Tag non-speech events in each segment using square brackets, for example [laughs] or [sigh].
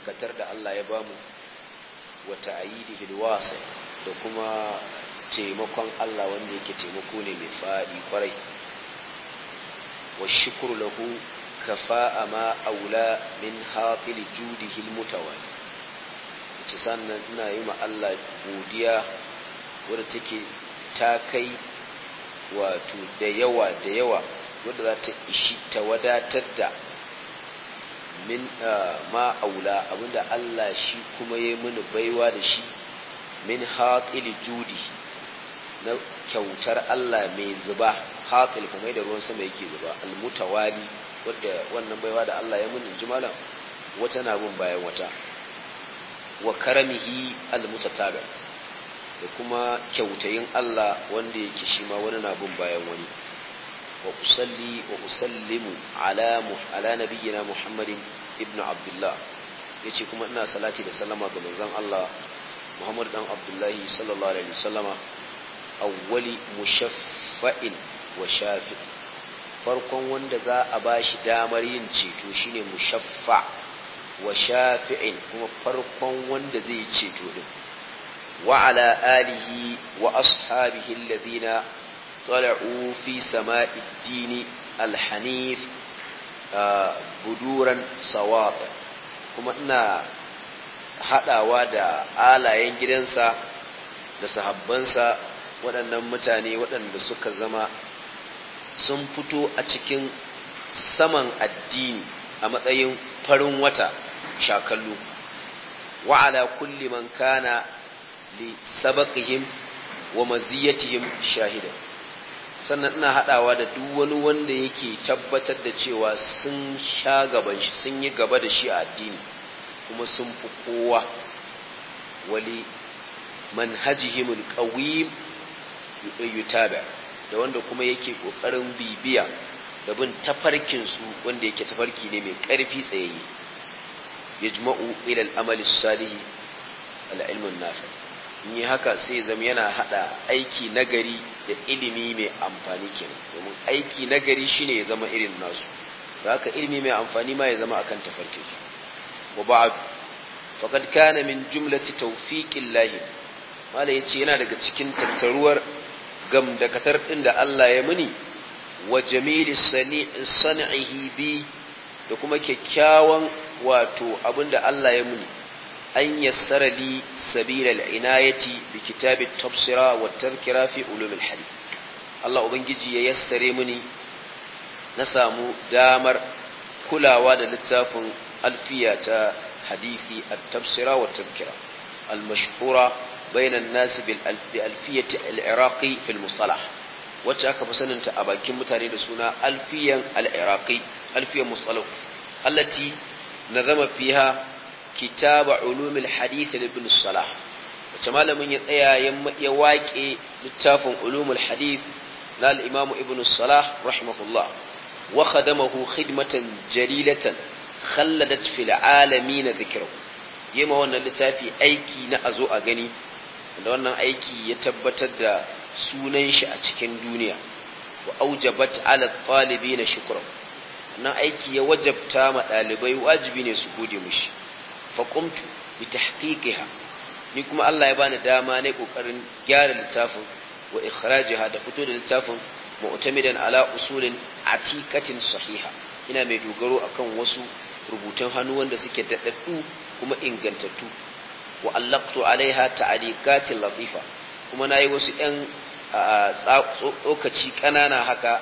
dakatar da Allah ya bamu wa ta'yidihi alwasi da kuma taimakon Allah wanda yake taimako ne mai faɗi kwarai wa shukru lahu a ma aula min hafil judihi almutawali ita sannan ina yi ma Allah godiya wadda take ta kai wato da yawa da yawa wadda za ta ishi ta wadatar da min ah, ma aula abinda Allah shi kuma yayi mini baiwa da shi min haqil judi na kyautar Allah mai zuba haqil kuma da ruwan sama yake zuba al mutawali wanda wannan baiwa da Allah ya mini jimalan wata na bin bayan wata wa karamihi al mutatabi da kuma kyautayin Allah wanda yake shi ma wani na bin bayan wani وأصلي وأسلم على مح... على نبينا محمد ابن عبد الله yace kuma ina salati da sallama ga manzon Allah Muhammad dan Abdullahi sallallahu alaihi wasallama awwali mushaffa'in wa shafi farkon wanda za a bashi damar yin ceto shine mushaffa wa shafi'in kuma farkon wanda zai ceto din wa ala alihi wa ashabihi alladhina طلعوا في سماء الدين الحنيف buduran sawata kuma ina haɗawa da alayen gidansa da sahabbansa waɗannan mutane waɗanda suka zama sun fito a cikin saman addini a matsayin farin wata shakallu wa ala kulli man kana li sabaqihim wa maziyatihim shahidan sannan ina haɗawa da duk wani wanda yake tabbatar da cewa sun sha gaban shi sun yi gaba da shi a addini kuma sun fi kowa wali manhajihim alqawim yutaba da wanda kuma yake kokarin bibiya da bin tafarkin su wanda yake tafarki ne mai karfi tsayayye yajma'u ila al-amali as-salih al ilmun nafi in yi haka sai zama yana haɗa aiki nagari da ilimi mai amfani kenan domin aiki nagari shine ya zama irin nasu da haka ilimi mai amfani ma ya zama akan tafarkin su ba ba'd fakad kana min jumlati lahi mala yace yana daga cikin tattaruwar gam da katar din da Allah ya muni wa jamili sani'ihi bi da kuma kyakkyawan wato abinda Allah ya muni an yassara li سبيل العناية بكتاب التبصرة والتذكرة في علوم الحديث الله أبنجي يسترمني نسام دامر كل واد للتاف ألفية حديث التبصرة والتذكرة المشهورة بين الناس بألفية العراقي في المصطلح wacce بسنة أبا saninta a ألفية العراقي ألفية suna التي نظم فيها kitab ulumul hadith ibn salah wace malamin ya tsaya ya waƙe littafin ulumul hadith na al ibn salah rahimahullah wa khadamahu khidmatan jalilatan khalladat fil alamin dhikrahu yema wannan littafi aiki na azo a gani da aiki ya tabbatar da sunan shi a cikin duniya wa aujabat ala talibina shukran wannan aiki ya wajabta ma dalibai wajibi ne su gode mushi fa qumtu bi tahqiqiha ni kuma Allah ya bani dama ne kokarin gyara littafin wa ikhrajiha da fito da littafin mu'tamidan ala usulin atiqatin sahiha ina mai dogaro kan wasu rubutan hannu wanda suke daɗaɗɗu kuma ingantattu wa allaqtu alaiha ta'aliqatin latifa kuma na yi wasu yan tsokaci ƙanana haka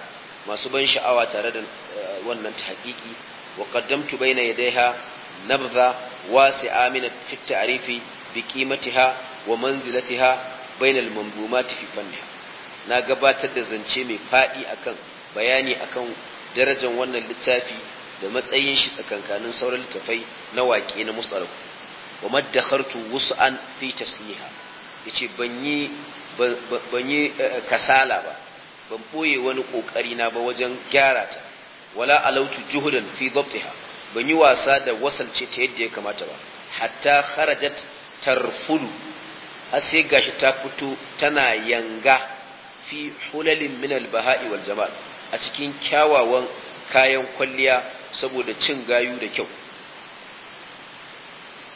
masu ban sha'awa tare da eh, wannan tahqiqi wa qaddamtu baina yadayha نبذة واسعة من التعريف بقيمتها ومنزلتها بين المنظومات في فنها na gabatar da zance mai faɗi akan bayani akan darajar wannan littafi da matsayin shi tsakankanin sauran littafai na waƙe na musalaf wa maddakhartu wus'an fi tasliha yace ban yi ban yi eh, kasala ba ban boye wani kokari na ba wajen gyara ta wala alautu juhudan fi dhabtiha ban yi wasa da wasalce ta yadda ya kamata ba hatta kharajat tarfulu har sai gashi ta fito tana yanga fi hulalin min al-baha'i wal jamal a cikin kyawawan kayan kwalliya saboda cin gayu da kyau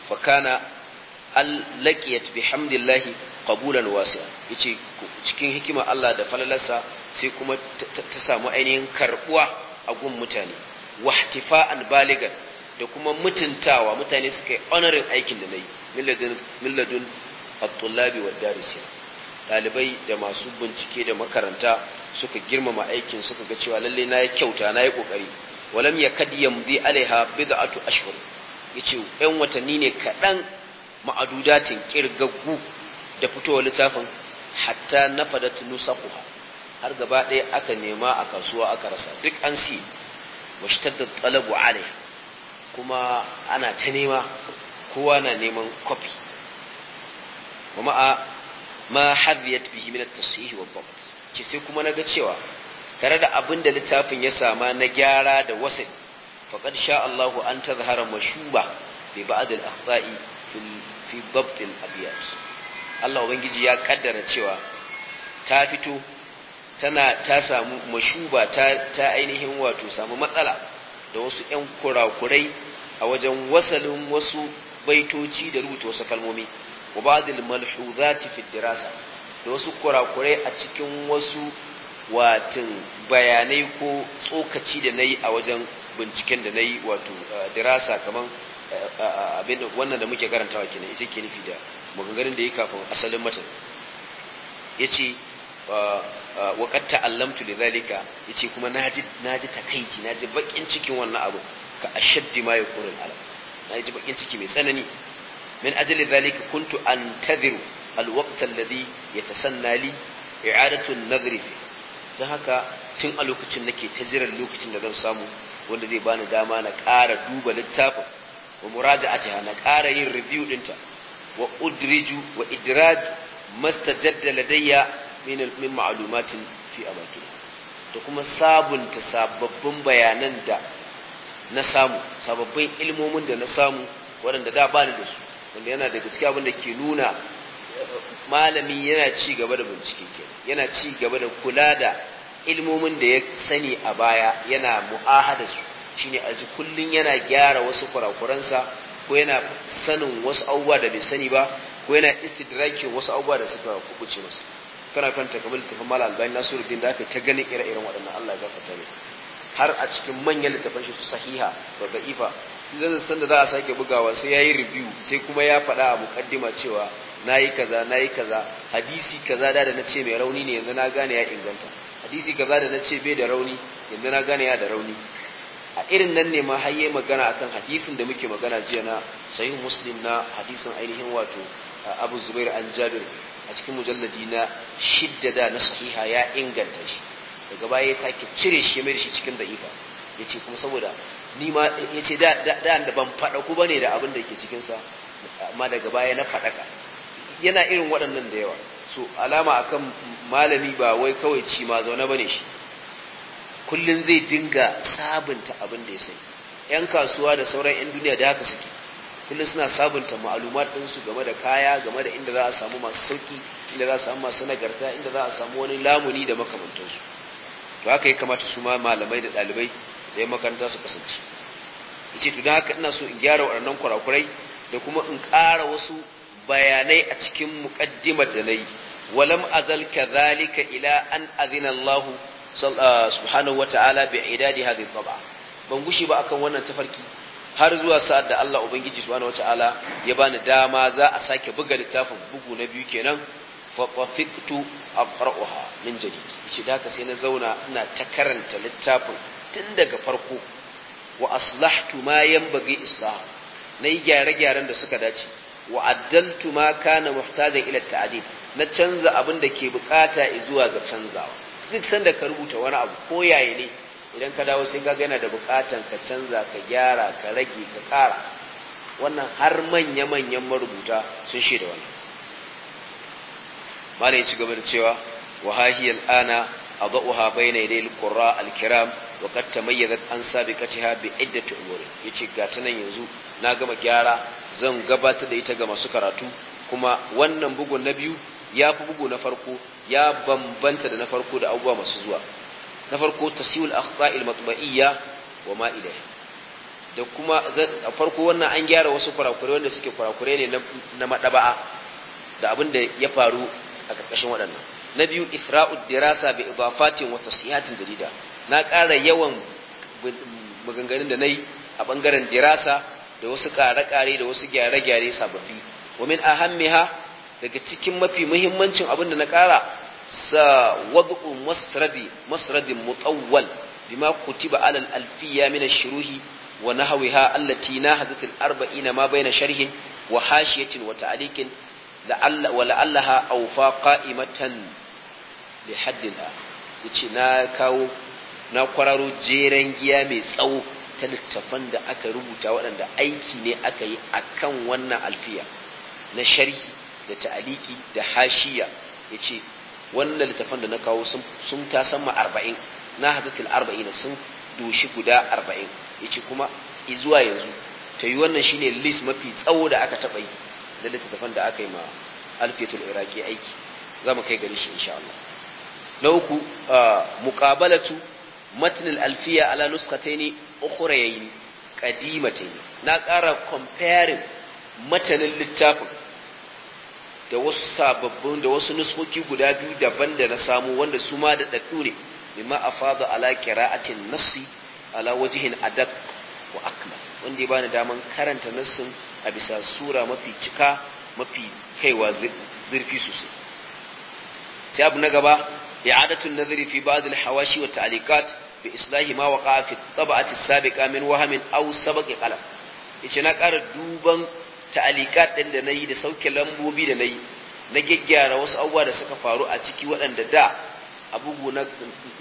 fakana allaqiyat bihamdillahi qabulan wasi'a yace cikin hikima Allah da falalarsa sai kuma ta samu ainihin karbuwa a gun mutane wahtifa'an albaligan da kuma mutuntawa mutane suka yi honorin aikin da nayi milladun milladun at-tullabi wad-darisin talibai da masu bincike da makaranta suka girmama aikin suka ga cewa lalle na yi kyauta na yi kokari walam yakad bi alaiha bid'atu ashhur yace yan watanni ne kadan ma'adudatin kirgaggu da fitowa littafin hatta nafadat nusaquha har gaba ɗaya aka nema a kasuwa aka rasa duk an si washtadda talabu alai kuma ana ta nema kowa na neman kwafi kuma a ma hadiyat bihi min at-tasih wa dhabt ki sai kuma naga cewa tare da abin da littafin ya sama na gyara da wasit faqad sha Allahu an tazhara mashuba bi ba'd al-akhta'i fi dhabt al-abyat Allah ubangiji ya kaddara cewa ta fito tana ta samu mashuba ta ta ainihin wato samu matsala da wasu ƴan kurakurai a wajen wasalin wasu baitoci da rubuta wasu kalmomi wa ba'dil malhuzati fi dirasa da wasu kurakurai a cikin wasu watin bayanai ko tsokaci da nayi a wajen binciken da nayi wato eh, dirasa kaman eh, eh, abin wannan da muke karantawa kenan ita ke nufi da maganganun da yake kafin asalin matan yace wa qad ta'allamtu lidhalika yace kuma naji naji takeici naji cikin wannan abu ka ashaddi ma yakunu alam naji bakin ciki mai tsanani min ajli dhalika kuntu antadhiru alwaqt alladhi yatasanna li i'adatu an-nadhri dan haka tun a lokacin nake ta jiran lokacin da zan samu wanda zai bani dama na ƙara duba littafin wa muraja'atiha na ƙara yin review dinta wa udriju wa idraj mastajadda ladayya min ma'lumatin fi amakin da kuma sabunta sababbin bayanan da na samu sababbin ilmomin da na samu waɗanda da ba ni da su wanda yana da gaskiya abin da ke nuna eh, malami yana ci gaba da bincike yana ci gaba da kula da ilmomin da ya sani a baya yana mu'ahada su shine a ji kullun yana gyara wasu kurakuransa ko yana sanin wasu abubuwa da bai sani ba ko yana istidrakin wasu abubuwa da suka kubuce masu. kana kan takabul tafan mala albani nasiruddin da aka ta ganin ire-iren waɗannan Allah ya gafarta ne har a cikin manyan littafan shi sahiha da da'ifa idan san da za a sake bugawa sai yayi review sai kuma ya faɗa a mukaddima cewa nayi kaza nayi kaza hadisi kaza da da nace mai rauni ne yanzu na gane ya inganta hadisi kaza da nace bai da rauni yanzu na gane ya da rauni a irin nan ne ma har magana akan hadisin da muke magana jiya na sahih muslim na hadisin ainihin wato Abu Zubair an Jabir a cikin mujalladi na shidda da na sahiha ya inganta shi daga baya ya take cire shi mai shi cikin da'ifa ya ce kuma saboda ni ma ya ce da da ban faɗa ku ne da abin da ke cikinsa amma daga baya na faɗaka yana irin waɗannan da yawa so alama akan malami ba wai kawai ci ma zaune ba shi kullum zai dinga sabunta abin da ya sayi. yan kasuwa da sauran yan duniya da haka suke kullum suna sabunta ma'alumat ɗinsu game da kaya game da inda za a samu masu sauki inda za a samu masu nagarta inda za a samu wani lamuni da makamantansu to haka ya kamata su ma malamai da ɗalibai da ya makaranta su kasance ce to don haka ina so in gyara waɗannan kurakurai da kuma in ƙara wasu bayanai a cikin muƙaddimar da na yi walam azal kadhalika ila an azina Allah ah, subhanahu wa ta'ala bi idadi hadhihi ban gushi ba akan wannan tafarki har zuwa sa'ad da Allah ubangiji subhanahu ala ya bani dama za a sake buga littafin bugu na biyu kenan fa qafitu aqra'uha min jadid shi da sai na zauna ina ta karanta littafin tun daga farko wa aslahtu ma yanbaghi islah yi gyare-gyaren da suka dace wa addaltu ma kana muhtaja ila ta'dil na canza abin da ke bukata zuwa ga canzawa duk sanda ka rubuta wani abu ko yaya ne idan ka dawo sai ka yana da bukatan ka canza ka gyara ka rage ka kara wannan har manya manyan marubuta sun shaida wannan mala ya ci gaba da cewa wa hahiyal ana adauha bayna na qurra al-kiram wa qad tamayyazat an sabiqatiha bi iddatu umuri yace ga ta nan yanzu na gama gyara zan gabatar da ita ga masu karatu kuma wannan bugun na biyu ya fi bugu na farko ya bambanta da na farko da abubuwa masu zuwa na farko tasihul akhta'il matba'iyya wa ma ilayha da kuma a farko wannan an gyara wasu kurakure wanda suke kurakure ne na madaba'a da abin da ya faru a karkashin waɗannan na biyu isra'ud dirasa bi idafatin wa tasihatin jarida na ƙara yawan maganganun da nayi a bangaren dirasa da wasu ƙare-ƙare da wasu gyare-gyare sababbi wa min ahammiha daga cikin mafi muhimmancin abin da na ƙara وضع مسرد مسرد مطول بما كتب على الألفية من الشروح ونحوها التي ناهزت الأربعين ما بين شرح وحاشية وتعليق لعل ولعلها أوفى قائمة لحدها yace na kawo na kwararo jeren giya mai tsawo ta littafan da aka rubuta waɗanda aiki ne aka yi kan wannan alfiya na sharhi da ta'aliki da hashiya yace wannan littafan da na kawo sun ta sama arba'in na hadatul arba'in sun doshi guda arba'in yace kuma zuwa yanzu ta yi wannan shine list mafi tsawo da aka taɓa yi da littafan da aka yi ma alfiyatul iraki aiki za mu kai gari shi insha Allah na uku muqabalatu matn al-alfiya ala nuskataini ukhrayayn qadimatayn na ƙara comparing matanin littafin da wasu sababbin da wasu nuskoki guda biyu daban da na samu wanda su ma da daddu ne bima afada ala qira'atin nafsi ala wajhin adab wa akmal wanda ya bani daman karanta nassin a bisa sura mafi cika mafi kaiwa zurfi sosai sai abu na gaba i'adatu an-nazari fi ba'd al-hawashi wa ta'liqat bi islahi ma waqa'a fi at-tab'ati as-sabiqa min wahamin aw sabaqi qalb yace na ƙara duban ta'alikat din da nayi da sauke lambobi da nayi na gaggyara wasu abubuwa da suka faru a ciki waɗanda da abubu na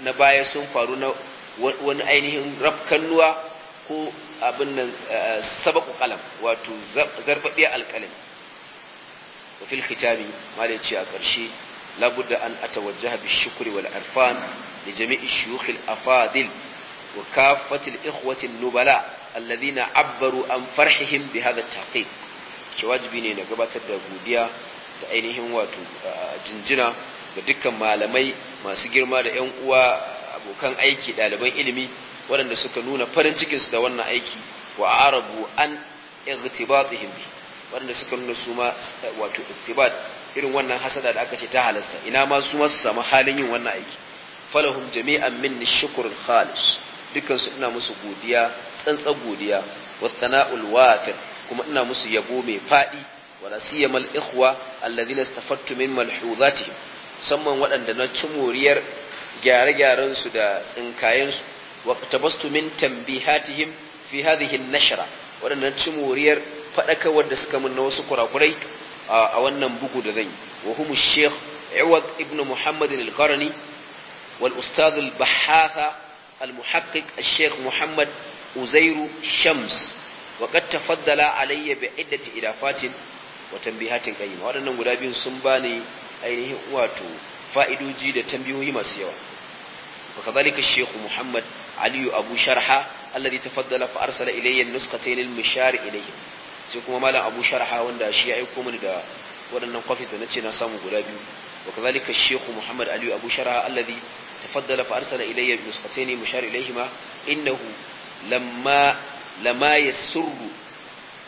na baya sun faru na wani ainihin rafkannuwa ko abin nan sabaku kalam wato zarfafiyar alkalim wa fil khitami malai ci a ƙarshe labudda an atawajjaha bi shukri wal arfan li jami'i shuyukh al afadil wa kafatil ikhwati an nubala alladhina abbaru an farhihim bi hadha at taqiq ke wajibi ne na gabatar da godiya da ainihin wato jinjina ga dukkan malamai masu girma da 'yan uwa abokan aiki ɗaliban ilimi waɗanda suka nuna farin cikinsu da wannan aiki wa arabu an igtibatihim bi waɗanda suka nuna su ma wato igtibat irin wannan hasada da aka ce ta halasta ina ma su ma su samu halin yin wannan aiki falahum jami'an minni shukrun khalis dukkan su ina musu godiya tsantsan godiya wa sana'ul wafir kuma ina musu yabo mai faɗi wala siyama al ikhwa alladhina istafattu min malhuzatihim musamman waɗanda na ci moriyar gyare gyarensu da tsinkayen wa tabastu min tambihatihim fi hadhihi an waɗanda na ci moriyar faɗakawar da suka mun na wasu kurakurai a wannan bugu da zan yi wa humu sheikh iwad ibn al wal ustad al al-muhaqqiq al-sheikh muhammad uzairu shams وقد تفضل علي بعدة إضافات وتنبيهات قيمة وأنا نقول wadannan سنباني biyun واتو فائدو جيد تنبيه fa'idoji سيوا وكذلك الشيخ محمد علي أبو شرحة الذي تفضل فأرسل إلي النسختين المشار إليه سيكون مالا أبو شرحة وان دا شيعيكم وأن نقفز نقفت نتنا سامو قلابي وكذلك الشيخ محمد علي أبو شرحة الذي تفضل فأرسل إلي النسختين المشار إليهما إنه لما لما يسر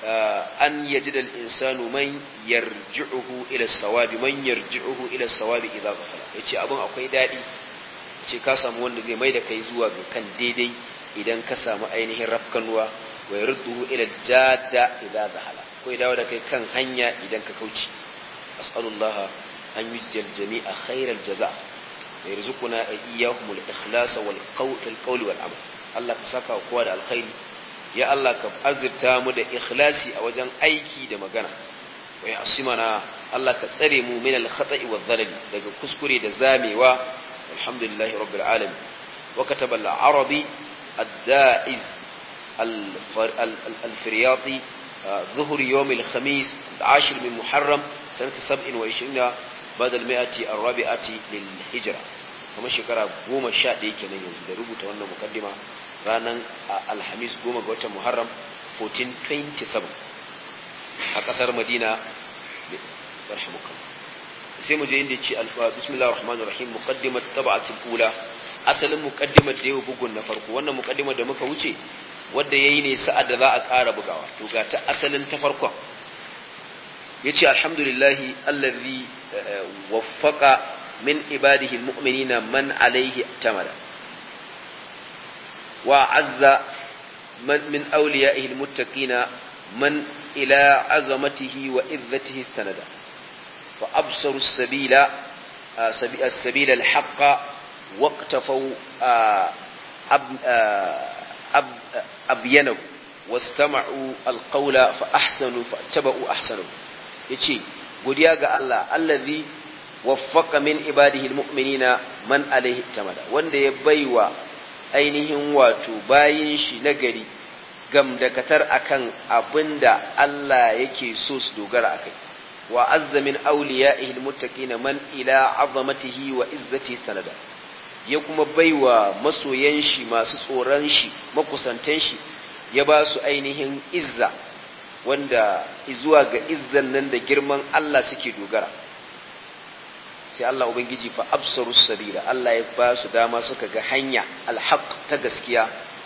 آه، أن يجد الإنسان من يرجعه إلى الصواب من يرجعه إلى الصواب إذا غفل يتي أبن أقوي دائي يتي كاسم وان زي ميدا كيزوا كان ديدي إذا كسام أينه رفقنوا ويرده إلى الجادة إذا ذهل كوي داودا كي كان هنيا إذا ككوتي أسأل الله أن يجزي الجميع خير الجزاء ويرزقنا إياهم الإخلاص والقول والعمل الله تساكى وقوال الخير ya Allah ka azurta mu da ikhlasi a wajen aiki da magana wa ya asimana Allah ka tsare mu min al-khata'i wa dhalal daga kuskure da zamewa alhamdulillah rabbil alamin wa kataba al-arabi ad-da'iz al-firyati ظهر يوم الخميس العاشر من محرم سنة سبع وعشرين بعد المائة الرابعة للهجرة kamar shekara goma sha ɗaya kenan yanzu da rubuta wannan mukaddima ranar alhamis goma ga watan muharram 1427 a kasar madina sai mu je inda ce bismillahir rahmanir rahim muqaddimat tab'atul ula asalin muqaddimat da yau bugun na farko wannan muqaddimat da muka wuce wanda yayi ne sa'ad da za a ƙara bugawa to ga ta asalin ta farkon yace alhamdulillahi allazi eh, eh, waffaqa min ibadihi almu'minina man alayhi tamara وعز من من أوليائه المتقين من إلى عظمته وإذته استند فأبصروا السبيل آه، السبيل الحق واقتفوا آه، آه، أبينه واستمعوا القول فأحسنوا فاتبعوا أحسنوا يتي godiya ga Allah allazi waffaqa min ibadihi almu'minina man alaihi tamada wanda ya ainihin wato bayin shi na nagari gamdakatar akan abinda Allah yake so su dogara akai wa azza min awliya'ihi almuttaqin man ila azamatihi wa izzati sanada ya kuma baiwa masoyan shi masu tsoron shi makusantan shi ya ba su ainihin izza wanda zuwa ga izzan nan da girman Allah suke dogara sai Allah ubangiji fa absaru sabila Allah ya ba su dama suka ga hanya alhaq ta gaskiya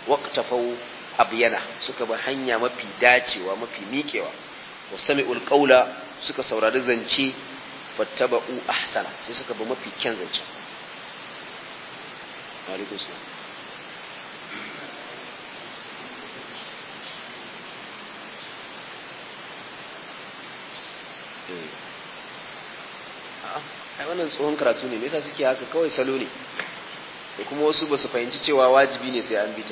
waqtafau abyana suka ba hanya mafi dacewa mafi miƙewa wasami'ul qawla suka saurari zance fattaba'u ahsana sai suka ba mafi kyan zance Thank eh. you. ai wannan tsohon karatu ne yasa suke haka kawai salo ne da kuma wasu ba su fahimci cewa wajibi ne sai an bi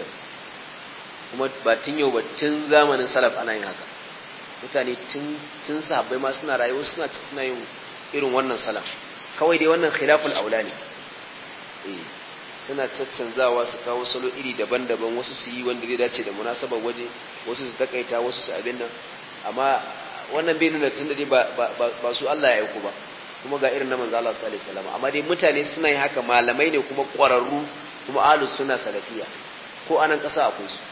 kuma ba tun yau ba tun zamanin salaf ana yin haka mutane tun tun sahabbai ma suna rayuwa suna suna yin irin wannan salaf kawai dai wannan khilaful aula ne eh suna caccanzawa su kawo salo iri daban-daban wasu su yi wanda zai dace da munasabar waje wasu su takaita wasu su abin nan amma wannan bai nuna tun da dai ba su Allah ya aiko ba kuma ga irin na manzo Allah sallallahu alaihi amma dai mutane suna yin haka malamai ne kuma ƙwararru kuma ahlus sunna salafiya ko anan ƙasa akwai su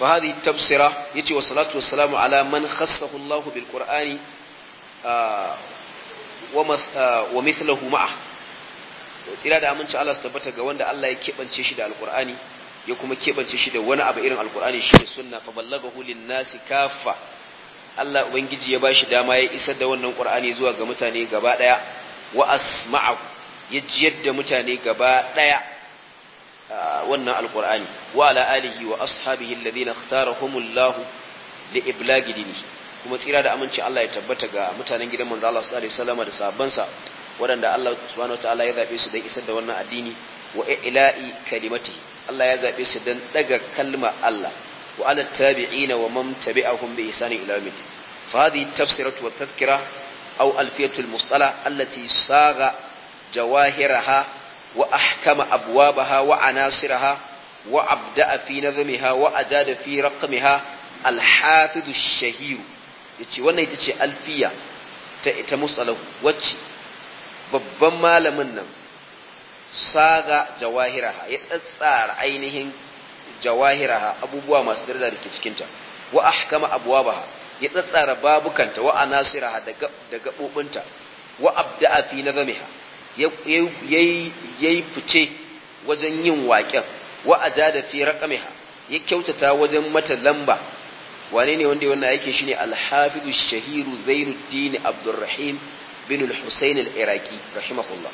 fa hadhihi tafsira yace wa salatu wassalamu ala man khassahu Allah bil qur'ani wa mithluhu ma'a tsira da aminci Allah tabbata ga wanda Allah ya kebance shi da alqur'ani ya kuma kebance shi da wani abu irin alqur'ani shine sunna fa ballagahu lin nasi kaffa Allah ubangiji ya bashi dama ya isar da wannan Qur'ani zuwa ga mutane gaba daya wa asma'ahu ya jiyar da mutane gaba daya wannan alqur'ani wa ala alihi wa ashabihi alladhina ikhtarahumullahu li dinihi kuma tsira da aminci Allah ya tabbata ga mutanen gidan manzo Allah sallallahu alaihi wasallam da sahabbansa waɗanda Allah subhanahu wataala ya zabe su don isar da wannan addini wa ila'i kalimati Allah ya zabe su don daga kalma Allah وعلى التابعين ومن تبعهم بإحسان إلى يوم الدين فهذه التفسيرة والتذكرة أو ألفية المصطلح التي صاغ جواهرها وأحكم أبوابها وعناصرها وأبدأ في نظمها وأجاد في رقمها الحافظ الشهير يتي وانا يتي ألفية تمصطلح ta ببما لمنم صاغ جواهرها يتصار nan jawahiraha abubuwa masu darda da ke cikinta wa ahkama abwabaha ya tsatsara babukanta wa anasiraha da gabobinta wa abda'a fi nazamiha yayi yayi fice wajen yin waƙen wa ajada fi raqamiha ya kyautata wajen mata lamba wane ne wanda wannan yake shine al-hafidu shahiru zainuddin abdurrahim bin al-husayn al-iraqi rahimahullah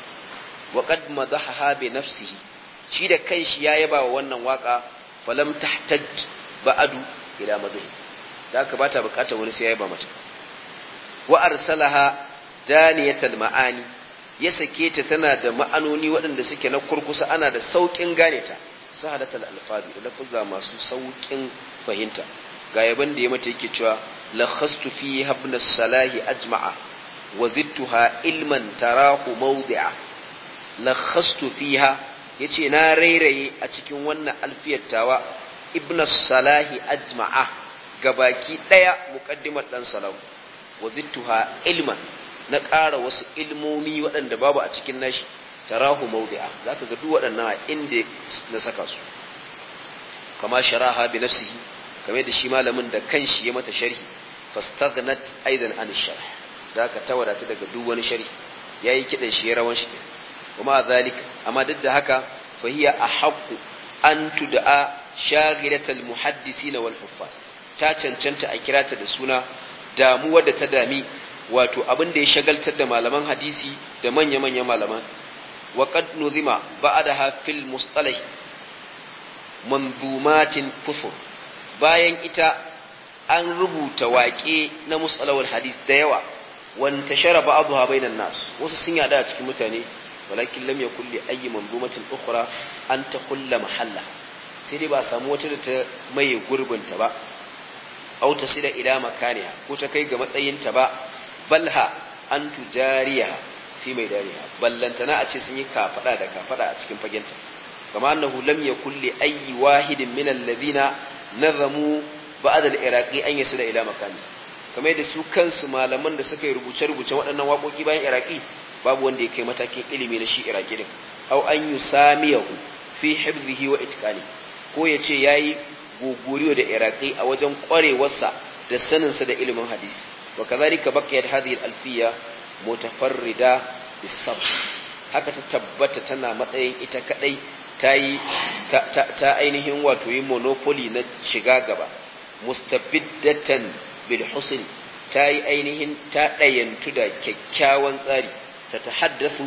wa qad madahaha bi nafsihi shi da kanshi ya yaba wa wannan waka falam tahtaj ba'adu ila madhi da ka bata bukatar wani sai ya ba mata wa arsalaha daniyatal ma'ani ya sake ta tana da ma'anoni waɗanda suke na kurkusa ana da sauƙin gane ta sahalatul da lafuzza masu sauƙin fahimta ga yaban da ya mata yake cewa lakhastu fi habna salahi ajma'a wa zidtuha ilman tarahu mawdi'a lakhastu fiha Ya ce na rairaye a cikin wannan alfiyattawa ibn salahi ajma'a gabaki daya muƙaddimar dan salahu wa zittuha ilman na ƙara wasu ilmomi waɗanda babu a cikin nashi tarahu mawdi'a zaka ga duk waɗannan inda na saka su kama sharaha bi nafsihi kame da shi malamin da kanshi ya mata sharhi fastaghnat aidan an sharh zaka ta daga duk wani sharhi yayi kidan shi rawan shi amma duk da haka ضد هكا فهي an tuda'a تدعى شاغلة na والحفاظ ta cancanta a kira da suna damuwa da ta dami wato abin da ya shagaltar da malaman hadisi da manya-manya malaman wa qad nuzima ba'daha fil mustalah mandumatin kufur bayan ita an rubuta waƙe na musalawar hadis da yawa wanta shara ha bainan nas wasu sun yada a cikin mutane walakin lam yakul li ayyi manzumatin ukhra an taqulla mahalla sai dai ba samu wata da ta maye ta ba aw tasila ila makaniha ko ta kai ga matsayinta ba balha an tujariya fi mai dariya ballantana a ce sun yi kafada da kafada a cikin fagenta kama annahu lam yakul li ayyi wahidin ila makani kamar yadda su kansu malaman da suka yi rubuce-rubuce waɗannan waƙoƙi bayan Iraki. babu wanda ya kai matakin ilimi na shi iraki din aw an yusamiyahu fi hifzihi wa itqani ko ya ce yayi gogoriyo da iraki a wajen ƙwarewarsa da saninsa da ilimin hadisi wa kazalika baqiyat hadhihi al-alfiya mutafarrida bis haka ta tabbata tana matsayin ita kadai ta yi ta ainihin wato yi monopoly na shiga gaba mustabiddatan bil husn ta yi ainihin ta ɗayantu da kyakkyawan tsari tatahaddathu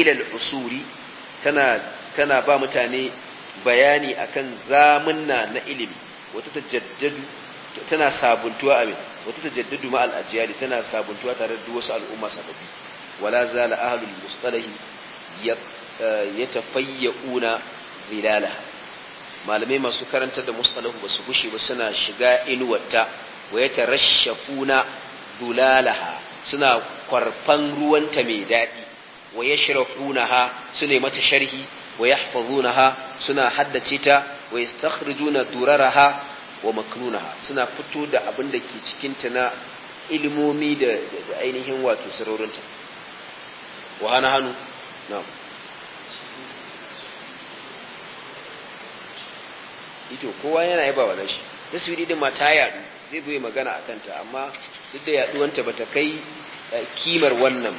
ila ilal usuli tana ba mutane bayani akan zamunna na ilimi wata tajaddadu tana sabuntuwa abin wata tajaddadu ma al tana sabuntuwa tare da wasu al'umma sababbi wala zala ahlul mustalahi yatafayyuna zilalaha malamai masu karanta da mustalahu ba su gushe ba suna shiga inuwarta wa yatarashafuna dulalaha suna kwarfan ruwanta mai daɗi wa su suna mata sharhi wa yahfazunaha suna haddace ta wa yastakhrijuna duraraha wa maknunaha suna fito da abin da ke cikin ta na ilimomi da ainihin wato sarorinta wa hana hannu na'am ito kowa yana yaba wa nashi su yi didin mata yadu zai bai magana a kanta amma duk da yaduwanta bata kai kimar wannan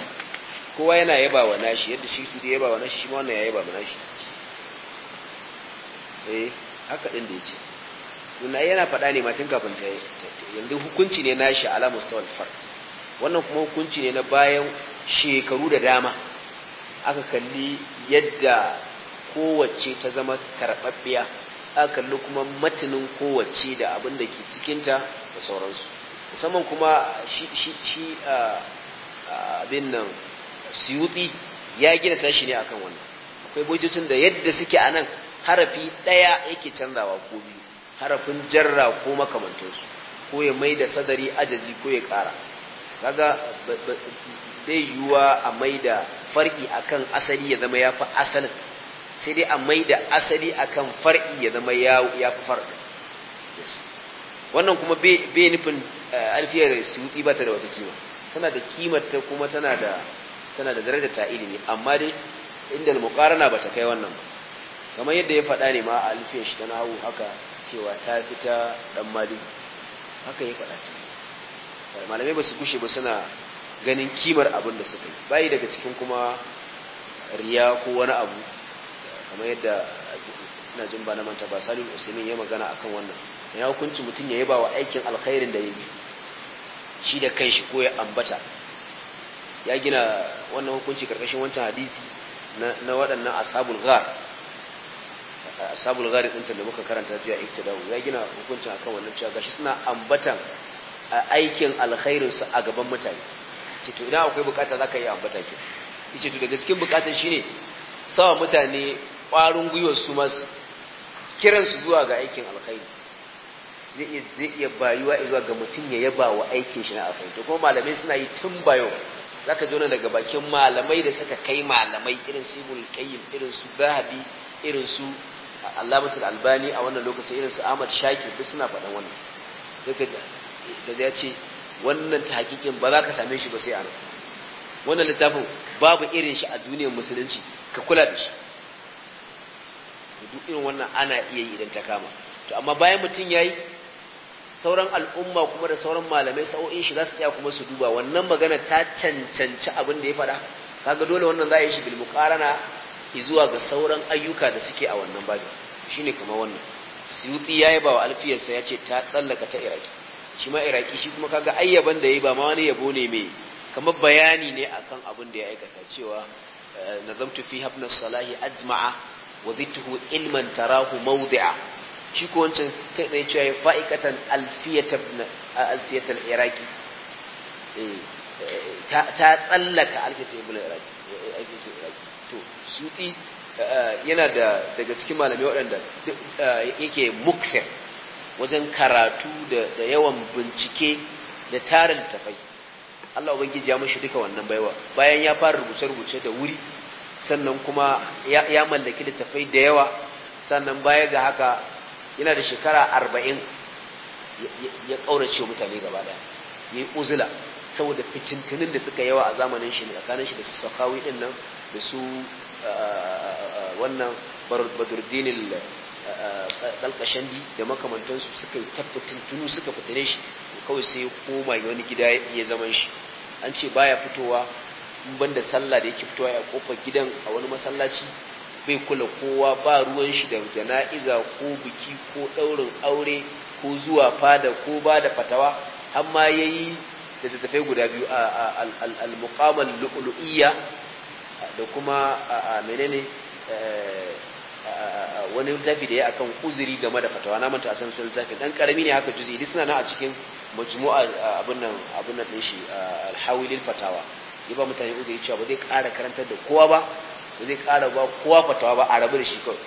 kowa yana yaba wa nashi yadda shi su yaba wa nashi shi ma wannan ya yaba wa nashi eh haka din da yake kuma yana faɗa ne matin kafin ta yanzu hukunci ne nashi ala mustawal far wannan kuma hukunci ne na bayan shekaru da dama aka kalli yadda kowace ta zama karɓaɓɓiya aka kalli kuma matanin kowace da abin da ke cikinta da sauransu musamman kuma shi ah, abin nan suyuti ya gina tashi ne akan wannan akwai bujutun da yadda suke a nan harafi ɗaya yake canzawa ko biyu harafin jarra ko makamantansu ko ya mai da sadari ajaji ko ya ƙara kaga zai yiwuwa a mai da far'i akan asali ya zama ya asalin sai dai a mai da asali akan far'i ya zama ya fi wannan kuma bai nufin eh, alfiyar suyuti ba ta da wata kima tana da kimar ta kuma tana da tana da darajar ta ilimi amma dai inda al-muqarana bata kai wannan ba kamar yadda ya faɗa ne ma a alfiyar shi ta nahu haka cewa ta fita dan mali haka ya faɗa malamai ba su kushe ba suna ganin kimar abin da suka yi bayi daga cikin kuma riya ko wani abu kamar yadda ina jin ba na manta ba salihu usaimin ya magana akan wannan ya hukunci mutum ya yaba wa aikin alkhairin da ya yi shi da kanshi ko ya ambata ya gina wannan hukunci karkashin wancan hadisi na waɗannan ashabul ghar ashabul ghar din da muka karanta jiya iktidau ya gina hukuncin akan wannan cewa gashi suna ambatan aikin alkhairin su a gaban mutane ce to idan akwai bukata zaka yi ambata ki yace to daga cikin bukatun shine sawa mutane kwarin guyuwar su masu kiran su zuwa ga aikin alkhairi zai iya bayuwa izuwa ga mutum ya yaba wa aikin shi na afai to kuma malamai suna yi tun bayo za ka jona daga bakin malamai da suka kai malamai irin su Ibn Qayyim irin su Zahabi irin su Allama Albani a wannan lokacin irin su Ahmad Shakir duk suna faɗan wannan zaka da ya ce wannan hakikin ba za ka same shi ba sai a nan wannan littafin babu irin shi a duniyar musulunci ka kula da shi duk irin wannan ana iya yi idan ta kama to amma bayan mutum yayi sauran al'umma kuma da sauran malamai sa'o'in shi za su tsaya kuma su duba wannan magana ta cancanci abin da ya faɗa kaga dole wannan za a yi shi bil muqarana zuwa ga sauran ayyuka da suke a wannan babin shine kamar wannan suyuti yayi ba wa alfiyarsa ya ce ta tsallaka ta iraki shi ma iraki shi kuma kaga ayyaban da yi ba ma wani yabo ne mai kamar bayani ne akan abin da ya aikata cewa eh, nazamtu fi habna salahi ajma'a wa zittuhu ilman tarahu mawdi'a shi ko wancan kai tsaye cewa ya fa'ikatan iraki eh, ta tsallaka alfiyatan ibn iraki to suɗi eh, eh, yana da daga cikin malamai waɗanda yake muksir wajen karatu da yawan bincike da tarin tafai Allah ubangiji ya mashi duka wannan baiwa bayan ya fara rubuce-rubuce da wuri sannan kuma ya mallaki littafai da yawa sannan baya ga haka yana da shekara arba'in ya ƙaurace mutane gaba ɗaya ya yi uzula saboda fitintunin da suka yawa a zamanin shi ne tsakanin shi da su sakawi ɗin nan da su wannan badurdinin kalkashandi da makamantansu suka yi ta fitintunu suka fitine shi kawai sai ya koma wani gida ya zaman shi an ce baya fitowa in banda sallah da yake fitowa ya kofar gidan a wani masallaci bai kula kowa ba ruwan shi da jana'iza ko biki ko ɗaurin aure ko zuwa fada ko ba da fatawa amma yayi da tattafai guda biyu a al-muqamal lu'lu'iyya da kuma a menene eh, wani zafi da ya akan uzuri game da fatawa na manta a san sun zafi dan karami ne haka juzi duk suna nan a cikin majmu'a abin nan abin nan shi al-hawilil fatawa ya ba mutane uzuri cewa ba zai ƙara karantar da kowa ba ba zai ƙara ba kowa fatawa ba a rabu da shi kawai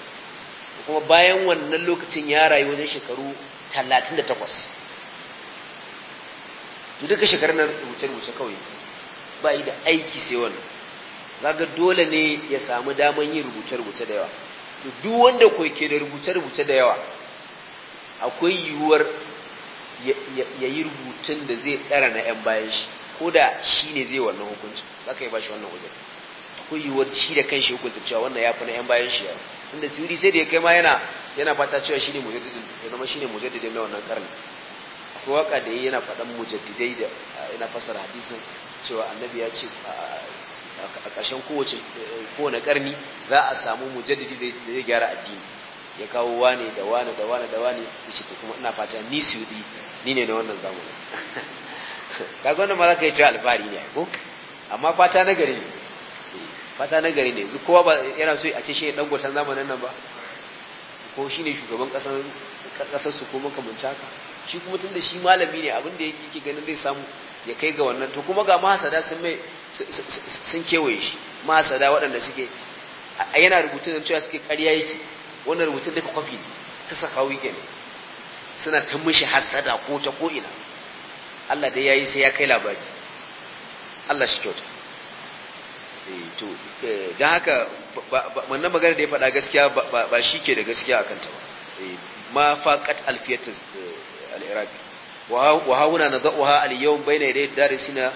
kuma bayan wannan lokacin ya rayu wajen shekaru talatin da takwas to duka shekarun nan rubuce-rubuce kawai ba yi da aiki sai za zaga dole ne ya samu daman yin rubuce-rubuce da yawa to duk wanda kawai ke da rubuce-rubuce da yawa akwai yiwuwar ya yi rubutun da zai tsara na 'yan bayan shi ko da shi ne zai wannan hukuncin za ka yi ba shi wannan wajen. akwai yiwuwar shi da kanshi hukunta cewa wannan ya fi na yan bayan shi yawa tunda suyudi sai da ya kai ma yana yana fata cewa shine mujaddidin ya zama shine mujaddidin na wannan karni akwai waka da yana fadan mujaddidai da yana fasara hadisin cewa annabi ya ce a ƙarshen kowace kowane karni za a samu mujaddidi da zai gyara addini ya kawo wane da wane da wane da wane ya ce kuma ina fata ni suyudi ni ne na wannan zamani [laughs] kaga wannan ma za ka yi cewa alfahari ne ko amma fata na gari ne fata na gari ne duk kowa ba yana so a ce shi dan gwatan zamanin nan ba ko shine shugaban kasar kasar su ko makamanci haka shi kuma tunda shi malami ne abin da yake ganin zai samu ya kai ga wannan to kuma ga mahasada sun mai sun kewaye shi mahasada waɗanda suke yana rubutun da cewa suke ƙarya yake wannan rubutun duka kwafi ne ta sakawi ne suna ta mishi hasada ko ta ko ina Allah dai yayi sai ya kai labari Allah shi kyauta Eh, to eh, da haka wannan magana da ya faɗa gaskiya ba shi ke da gaskiya akan ta ba eh, ma faqat alfiyat al-iraqi wa hauna nadhuha al-yawm bayna yaday darisina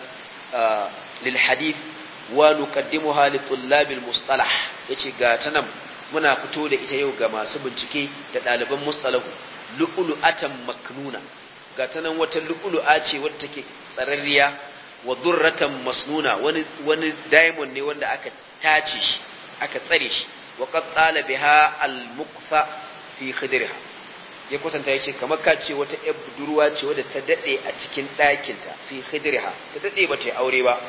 ah, lil hadith wa nuqaddimuha li tullab al-mustalah yace ga ta nan muna fito da ita yau ga masu bincike da ɗaliban mustalahu lu'ulu'atan maknuna ga ta nan wata lu'ulu'a ce wadda take tsararriya wa durratan masnuna wani wani diamond ne wanda aka tace shi aka tsare shi wa qad tsala biha al muqfa fi khidriha ya kwatanta yake kamar ka ce wata yar budurwa ce wadda ta dade a cikin ɗakinta fi khidriha ta dade ba ta yi aure ba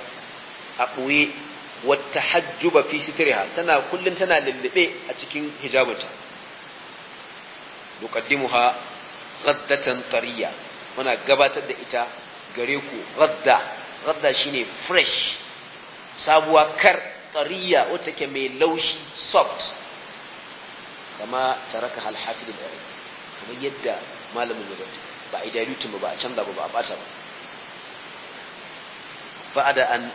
a ɓoye wata hajjuba fi sitriha tana kullum tana lullube a cikin hijabinta nuqaddimuha ghaddatan tariya muna gabatar da ita gare ku ghadda غدا شيني فريش سابوا كر طريه وتكي مي لوشي سوفت كما تركها الحافظ الاعلامي كما يدى مالم الوزن بعد يوتيوب بقى شندا بقى باسا بعد ان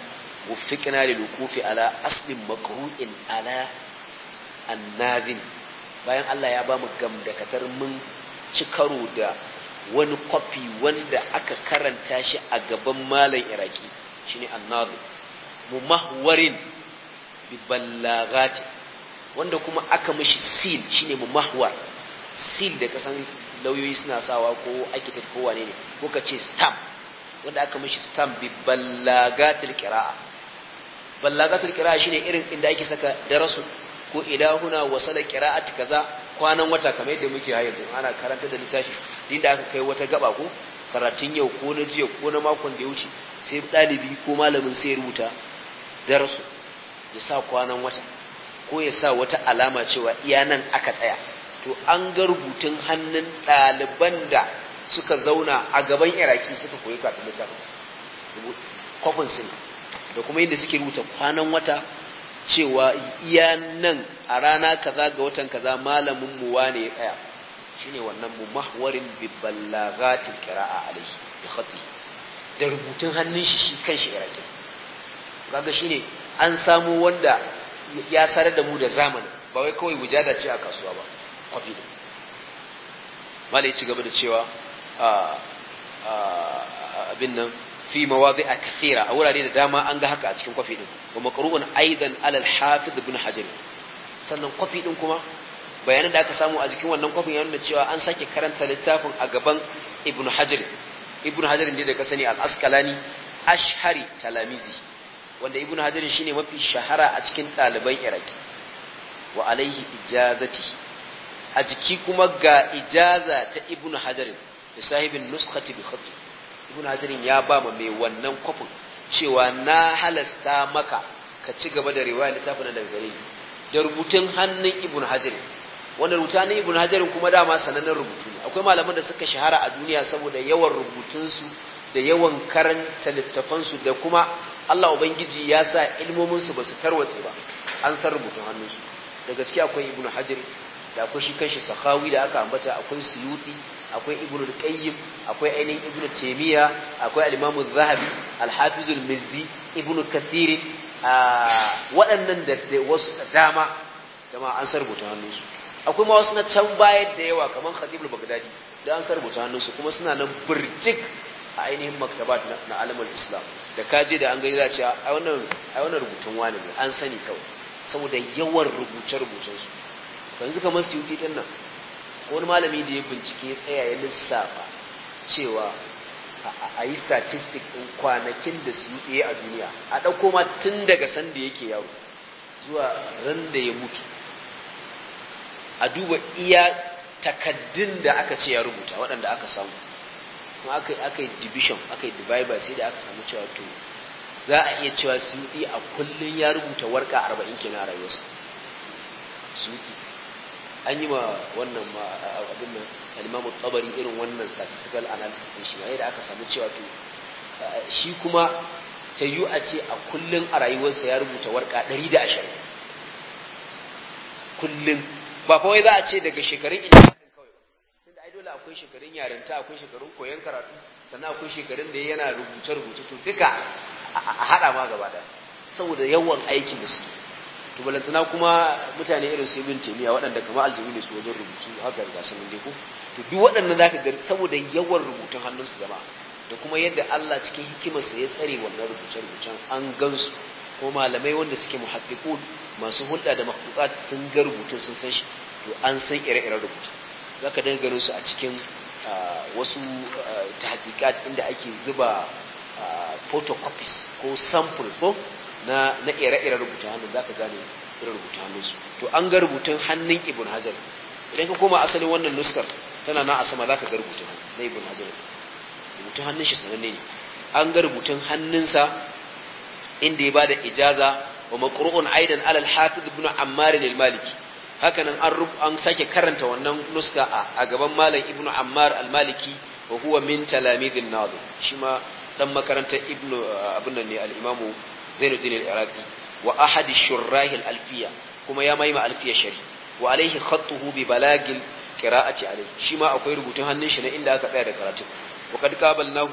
وفقنا للوقوف على اصل مكروه على الناذن bayan Allah ya ba mu gam da katar mun wani kwafi wanda aka karanta shi a gaban malam iraki shine annadu mu mahwarin ballagati wanda kuma aka mishi seal shine mahwar seal da kasan lauyoyi suna sawa ko architect ko wane ne ko ka ce stamp wanda aka mishi stamp bi ballagatil qira'a ballagatil qira'a shine irin inda ake saka darasu ko idahuna wasala qira'ati kaza kwanan wata kamar yadda muke ha yanzu ana karanta da littafi din aka kai wata gaba ko karatun yau ko na jiya ko na makon da ya wuce sai ɗalibi ko malamin sai ya rubuta darasu ya sa kwanan wata ko ya sa wata alama cewa iya nan aka tsaya to an ga rubutun hannun ɗaliban da suka zauna a gaban iraki suka koyi kafin littafin kwafin sun da kuma yadda suke rubuta kwanan wata cewa iya nan a rana kaza ga watan kaza malamin mu wane ya tsaya shine wannan mu mahwarin bi ballagati qira'a alayhi bi khati da rubutun hannun shi shi yake kaga shine an samu wanda ya sarar da mu da zamani ba wai kawai wujada ce a kasuwa ba kwafi ne malai ci gaba da cewa abin nan fi mawadhi'a kaseera a wurare da dama an ga haka a cikin kwafi din wa maqru'un aidan ala al-hafiz ibn hajar sannan kwafi din kuma bayanan da aka samu a jikin wannan kwafin ya nuna cewa an sake karanta littafin a gaban ibn hajar ibn hajar ne da ka sani al-asqalani ashhari talamizi wanda ibn hajar shine mafi shahara a cikin ɗaliban iraki wa alaihi ijazati a jiki kuma ga ijaza ta ibn hajar da sahibin nuskhati bi khatti ibn hajarin ya ba ma mai wannan kwafin cewa na halasta maka ka ci gaba da riwaya littafin daga gare ni da rubutun hannun ibn hajarin wanda rubuta ne ibn hajarin kuma dama sanannen rubutu ne akwai malaman da suka shahara a duniya saboda yawan rubutunsu da yawan karanta littafansu da kuma Allah ubangiji ya sa ilmominsu ba su tarwatse ba an san rubutun hannunsu da gaskiya akwai ibn hajar da akwai shi kanshi sakhawi da aka ambata akwai suyuti akwai ibnu al-qayyim akwai ainihin ibnu taymiya akwai al-imam az-zahabi al-hafiz al-mizzi ibnu kathir waɗannan da wasu dama jama'a an sarbuta su. akwai ma wasu na can baya da yawa kamar khatib al-baghdadi da an sarbuta su kuma suna nan burjik a ainihin maktabat na alamul islam da kaje da an gani za a a wannan a wannan rubutun wani ne an sani kawai saboda yawan rubuce-rubucensu yanzu kamar siyuti ɗin nan wani malami da ya bincike ya tsaya ya lissafa cewa a yi statistic ɗin kwanakin da su yi a duniya a ɗauko ma tun daga sanda yake yaro zuwa ran da ya mutu a duba iya takaddun da aka ce ya rubuta waɗanda aka samu kuma aka yi division aka yi divider sai da aka samu cewa to za a iya cewa yi a kullum ya rubuta warka arba'in kenan a rayuwarsa suyuɗi an yi ma wannan ma abin nan al Tsabari, tabari irin wannan statistical analysis din shi yayin da aka samu cewa to shi kuma ta yi a ce a kullun a rayuwarsa ya rubuta warka 120 kullun ba kawai wai za a ce daga shekarun kan kawai ba tunda ai dole akwai shekarun yarinta akwai shekarun koyon karatu sannan akwai shekarun da yana rubuce rubuce to duka a hada ma gaba da saboda yawan aikin da suke to balantana kuma mutane irin su ibn taymiya waɗanda kamar aljami ne su wajen rubutu haka ga su mun ko to duk waɗannan zaka ga saboda yawan rubutun hannun su jama'a da kuma yadda Allah cikin hikimar sa ya tsare wannan rubutun rubutun an gansu ko malamai wanda suke muhaddiqun masu hulɗa da makhluqat sun ga rubutun sun san shi to an san ire-iren rubutu zaka dinga ganin su a cikin wasu tahqiqat inda ake zuba photocopies ko samples ko na na ire-iren rubutun hannun za ka gane irin rubutun hannun su to an ga rubutun hannun ibn hajar idan ka koma asalin wannan nuskar tana na a sama za ka ga rubutun na ibn hajar rubutun hannun shi sananne ne an ga rubutun hannunsa inda ya bada ijaza wa maqru'un aidan alal hafiz ibn ammar al-maliki hakanan an an sake karanta wannan nuska a gaban malam ibn ammar al-maliki wa huwa min talamidin nadir shi ma dan makarantar ibn abun nan ne al-imamu زين الدين العراقي وأحد الشراه الألفية كما يا ميمة ألفية شري وعليه خطه ببلاغ القراءة عليه شما أكوي ربطها النشن إلا أكبر كراته وقد قابلناه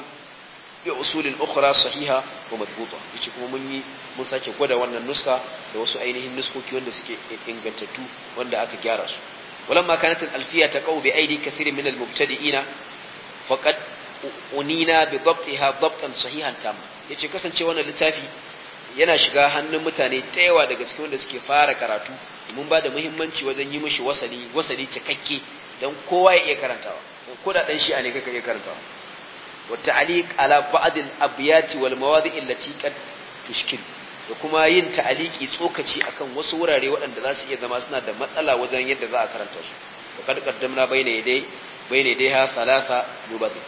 بأصول أخرى صحيحة ومضبوطة يشكو مني من ساكي قدى وانا النسخة لوسو أينه النسخة وانا سكي إنغتتو وانا أكجارس ولما كانت الألفية تقو بأيدي كثير من المبتدئين فقد unina بضبطها ضبطا صحيحا تاما tam yace kasance wannan littafi yana shiga hannun mutane ta yawa daga cikin wanda suke fara karatu mun ba da muhimmanci wajen yi mushi wasali wasali cikakke don kowa ya iya karantawa ko da dan shi a ne kaka iya karantawa wa ta'liq ala ba'd al-abyat wal mawadi' allati qad tushkil da kuma yin ta'aliki tsokaci akan wasu wurare waɗanda za su iya zama suna da matsala wajen yadda za a karanta su wa kad qaddamna bayna yaday bayna ha salasa mubadi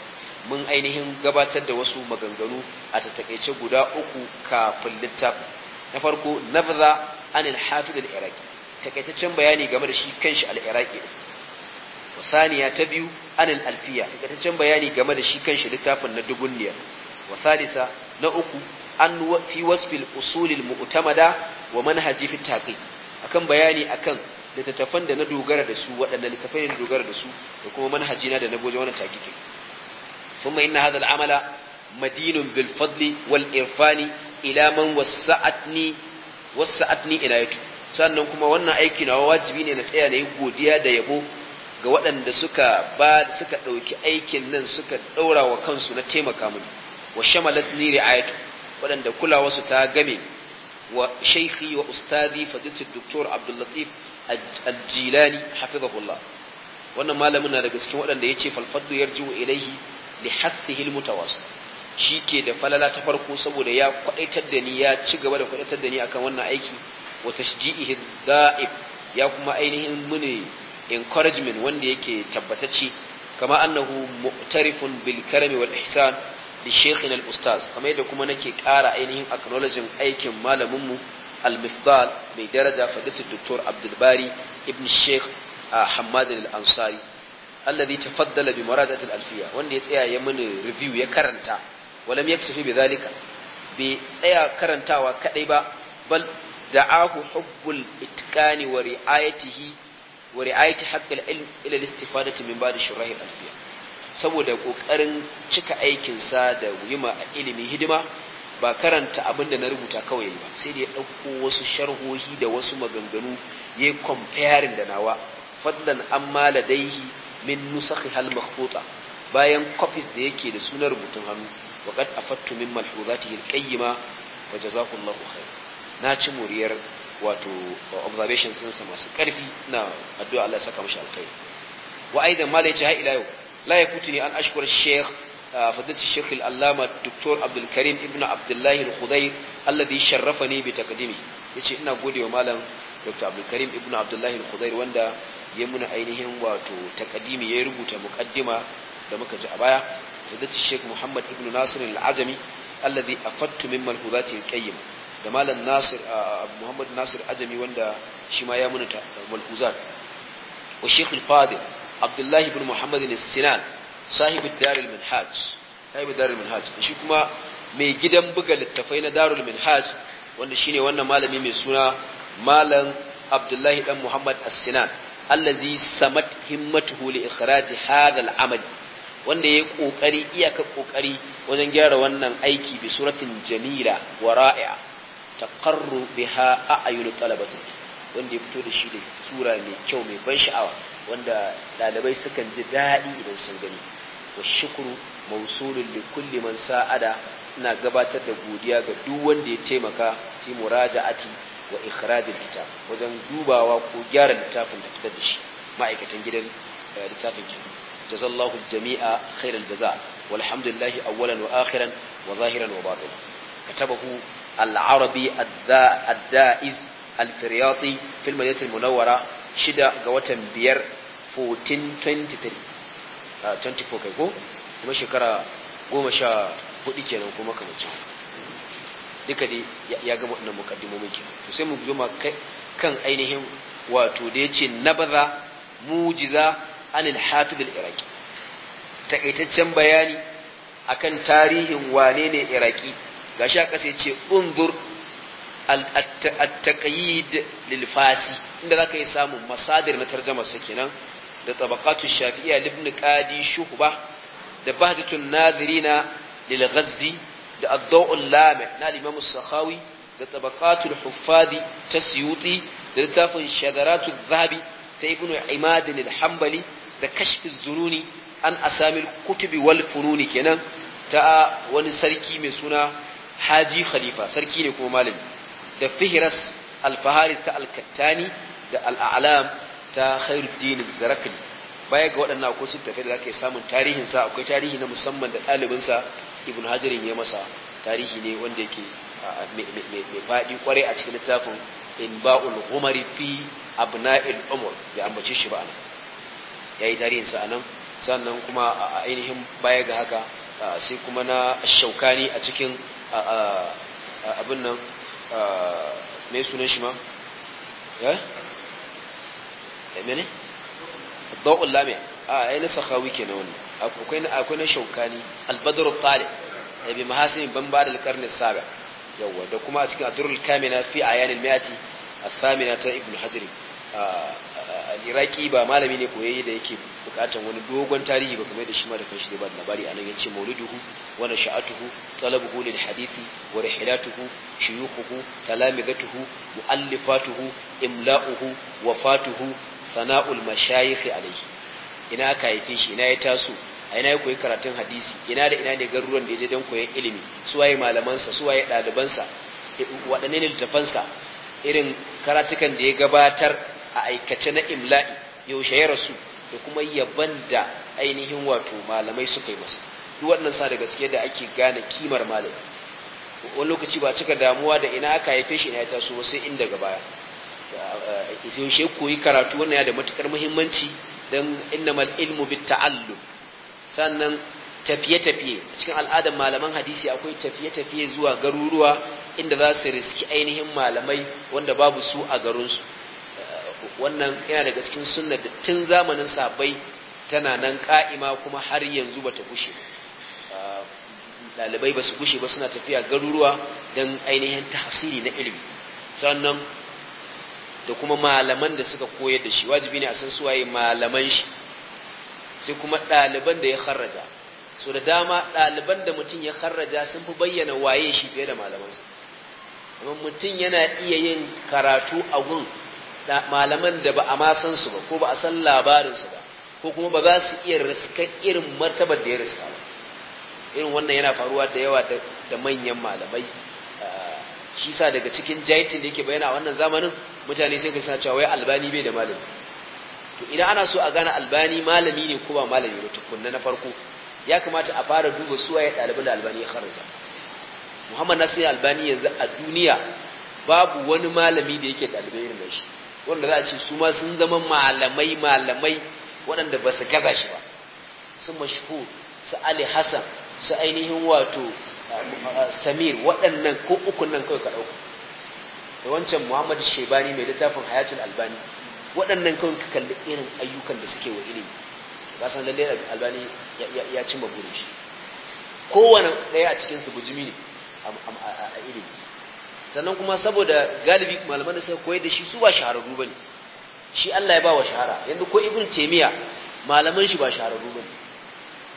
mun ainihin gabatar da wasu maganganu a tattakaice guda uku kafin littafin na farko nabza an al-hafid al-iraqi takaitaccen bayani game da shi kanshi al-iraqi wasaniya ta biyu an alfiya takaitaccen bayani game da shi kanshi littafin na dubunniya wasalisa na uku an fi wasfil usul al-mu'tamada wa manhaji fi taqiq akan bayani akan littattafan da na dogara da su waɗannan littattafai da dogara da su da kuma manhajina da na goje wannan taqiqi ثم إن هذا العمل مدين بالفضل والإرفان إلى من وسعتني وسعتني إليك sannan kuma wannan aiki na wajibi ne na tsaya na yi godiya da yabo ga waɗanda suka ba suka ɗauki aikin nan suka ɗaura wa kansu na taimaka mini wa shamalat ni ri'ayatu waɗanda kulawa su ta game wa shaykhi wa ustadi fadilatu doktor abdul latif al-jilani hafizahullah wannan malamin na daga cikin waɗanda yace fal fadlu yarji'u ilayhi hilmu ta almutawassit shi ke da falala ta farko saboda ya kwadaitar da ni ya ci gaba da kwadaitar da ni akan wannan aiki wa tashji'ihi da'ib ya kuma ainihin mune encouragement wanda yake tabbatacce kama annahu mu'tarifun bil karami wal ihsan li shaykhin al ustaz kamar yadda kuma nake ƙara ainihin acknowledging aikin malamin mu al mai daraja fadilatu dr abdul bari ibn shaykh hamad al ansari alladhi tafaddala bi muradatil alfiya wanda ya tsaya ya mini review ya karanta walam yaktafi bi zalika bai tsaya karantawa kadai ba bal da'ahu hubbul itqani wa ri'ayatihi wa ri'ayati haqqil ilm ila al-istifadati min ba'd al-alfiya saboda kokarin cika aikin sa da yima ilimi hidima ba karanta abin da na rubuta kawai ba sai da ya ɗauko wasu sharhohi da wasu maganganu ya yi comparing da nawa fadlan amma ladaihi min nusakhiha hal makhfuta bayan copies da yake da sunan rubutun hannu wa qad afattu min malhuzatihi al-qayyima wa jazakumullahu khair na ci muriyar wato observation ɗinsa masu ƙarfi na addu'a Allah saka mashi alkhairi wa aidan ma la yajaha ila yau la yakutuni an ashkura shaykh فضيلة الشيخ العلامة الدكتور عبد الكريم ابن عبد الله الخضير الذي شرفني بتقديمه yace ina gode wa malam Dr. Abdul Karim ibn Abdullah wanda ya muna ainihin wato taqdimi ya rubuta muqaddima da muka ji a baya sadati Sheikh Muhammad ibn Nasir al-Ajami alladhi afattu mimma al-hudati al-qayyim da malam Nasir Muhammad Nasir Ajami wanda shi ma ya wa Muhammad sahibu darul minhaj sahibu darul minhaj shi kuma mai gidan buga littafai na darul minhaj wanda shine wannan malami mai suna malam abdullahi dan muhammad as-sinan allazi samat himmatuhu li ikhraj hadha al-amal wanda yayi kokari iyaka kokari wajen gyara wannan aiki bi suratin jamila wa ra'i'a taqarru biha a'yun talabati wanda ya fito da shi da sura mai kyau mai ban sha'awa wanda ɗalibai sukan ji daɗi idan sun gani والشكر موصول لكل من ساعد ina gabatar da godiya ga duk wanda ya taimaka fi muraja'ati wa ikhraj al-kitab wajen dubawa ko gyara littafin da da shi ma'aikatan gidan eh, littafin ki jazallahu jamia khairal jaza walhamdulillahi awwalan wa akhiran wa zahiran wa batinan katabahu al-arabi ad-da'iz al-firyati fi al-madinah al-munawwara shida ga watan biyar 1423 24 kai ko kuma shekara goma sha kenan kuma kamacin duka dai ya gama wannan mukaddimomin ke to sai mu ma kan ainihin wato da yace nabaza mujiza anil hafiz al iraqi takaitaccen bayani akan tarihin wane ne iraqi gashi aka sai ce unzur at-taqyid lil fasi inda zaka yi samun masadir na tarjuma sa kenan da tabaqatu shafi'iyya ibn qadi shuhba da bahdatu nadirina lil ghazzi da ad al lami na al as sakhawi da tabaqatul huffadi ta suyuti da littafin shadaratul dhahabi ta ibn imad al-hanbali da kashf kashfin zununi an asamil kutub wal fununi kenan ta wani sarki mai suna haji khalifa sarki ne kuma malami da fihras al fahari ta al-kattani da al-a'lam ta khairuddin zarakni baya ga waɗannan akwai sun tafi da zaka samun tarihin sa akwai tarihi na musamman da ɗalibin sa ibn hajarin ya masa tarihi ne wanda yake mai faɗi kwarai a cikin littafin ba'ul umari fi abna'il umur ya ambace shi ba nan yayi tarihin sa anan sannan kuma a ainihin baya ga haka sai kuma na shaukani a cikin abin nan mai sunan shi ma eh mene dawul lame a ah, ai na sakhawi kenan wannan akwai na akwai na shaukani al-badr al-talib eh, bi mahasin ban ba sabi yawa da kuma a cikin adrul kamina fi ayan al-miati ta ibn hajar ah, al-iraqi ba malami ne koyayye da yake bukatan wani dogon tarihi ba kamar da shi ma da kanshi da ba da labari anan yace mauluduhu wa nasha'atuhu talabuhu lil hadithi wa rihilatuhu shuyukhuhu talamidatuhu muallifatuhu imla'uhu wafatuhu sana'ul mashayikh alayhi ina aka haife shi ina ya taso a ina ya koyi karatun hadisi ina da ina ne garuruwan da ya je don koyon ilimi suwaye malamansa suwaye ɗalibansa waɗanne ne littafansa irin karatukan da ya gabatar a aikace na imla'i yaushe ya rasu da kuma yaban da ainihin wato malamai suka yi masa duk waɗannan sa da gaske da ake gane kimar malami wani lokaci ba cika damuwa da ina aka haife shi ina ya taso sai in daga baya Eh, eh, yaushe koyi karatu wannan ya da matukar muhimmanci don innamal ilmu bit ta'allum sannan tafiye-tafiye cikin al'adar malaman hadisi akwai tafiye-tafiye zuwa garuruwa inda za su riski ainihin malamai wanda babu su a garinsu eh, wannan yana daga cikin sunna da tun zamanin sabai tana nan ka'ima kuma har yanzu bata gushe ɗalibai ba su gushe ba suna tafiya garuruwa don ainihin tasiri na ilimi sannan da kuma malaman da suka koyar da shi wajibi ne a san suwaye malaman shi sai kuma ɗaliban da ya kharraja so da dama ɗaliban da mutum ya kharraja sun fi bayyana waye shi fiye da su amma mutum yana iya yin karatu a gun malaman da ba a ma san su ba ko ba a san labarinsu ba ko kuma ba za su iya riska irin martabar da ya riska ba irin wannan yana faruwa da yawa da manyan malamai shi daga cikin jaitin da yake bayyana wannan zamanin mutane sai ka sa cewa wai albani bai da malami to idan ana so a gane albani malami ne ko ba malami ba tukunna na farko ya kamata a fara duba su waye dalibi da albani ya kharaja muhammad nasir albani yanzu a duniya babu wani malami da yake dalibi irin da shi wanda za a ce su ma sun zama malamai malamai waɗanda ba su gaza shi ba sun mashhur su ali hassan su ainihin wato samir waɗannan ko ukun nan kawai ka ɗauka da wancan muhammad shebani mai littafin hayatul albani waɗannan kawai ka kalli irin ayyukan da suke wa ilimi ba san lalle albani ya cimma burin shi kowane ɗaya a cikin su bujimi ne a ilimi sannan kuma saboda galibi malaman da suka koyar da shi su ba shahararru ba ne shi Allah ya ba wa shahara yanzu ko ibn taymiya malaman shi ba shahararru ba ne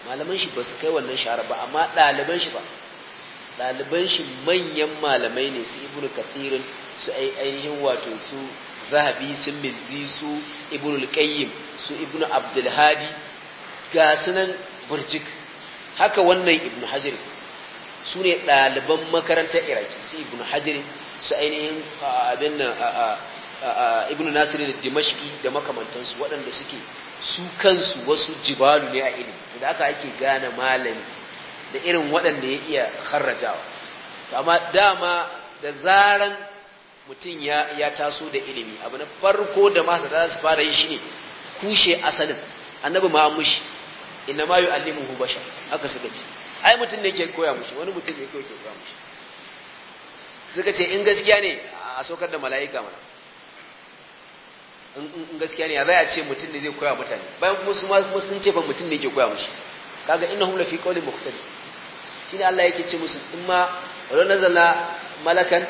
malaman shi ba su kai wannan shahara ba amma ɗaliban shi ba ɗaliban shi manyan malamai ne su ibnu kasirin su ainihin wato su zahabi su mizi su ibnu qayyim su ibnu abdul hadi ga sunan burjik haka wannan ibnu hajar su ne ɗaliban makarantar iraki su ibnu hajar su ainihin abin nan ibnu nasir da dimashki da makamantansu waɗanda suke su kansu wasu jibalu ne a ilimi da aka ake gane malami da irin waɗanda ya iya kharrajawa amma dama da zaran mutum ya ya taso da ilimi abu na farko da masa za su fara yi ne kushe asalin annabi ma mushi inna ma yu'allimuhu bashar haka suka ce ai mutum ne ke koya mushi wani mutum ne ke koya mushi suka ce in gaskiya ne a saukar da mala'ika mana in gaskiya ne a zai a ce mutum ne zai koya mutane bayan kuma su ma sun ce fa mutum ne ke koya mushi kaga innahum fi qawlin mukhtalif shine Allah yake ce musu in ma wala nazala malakan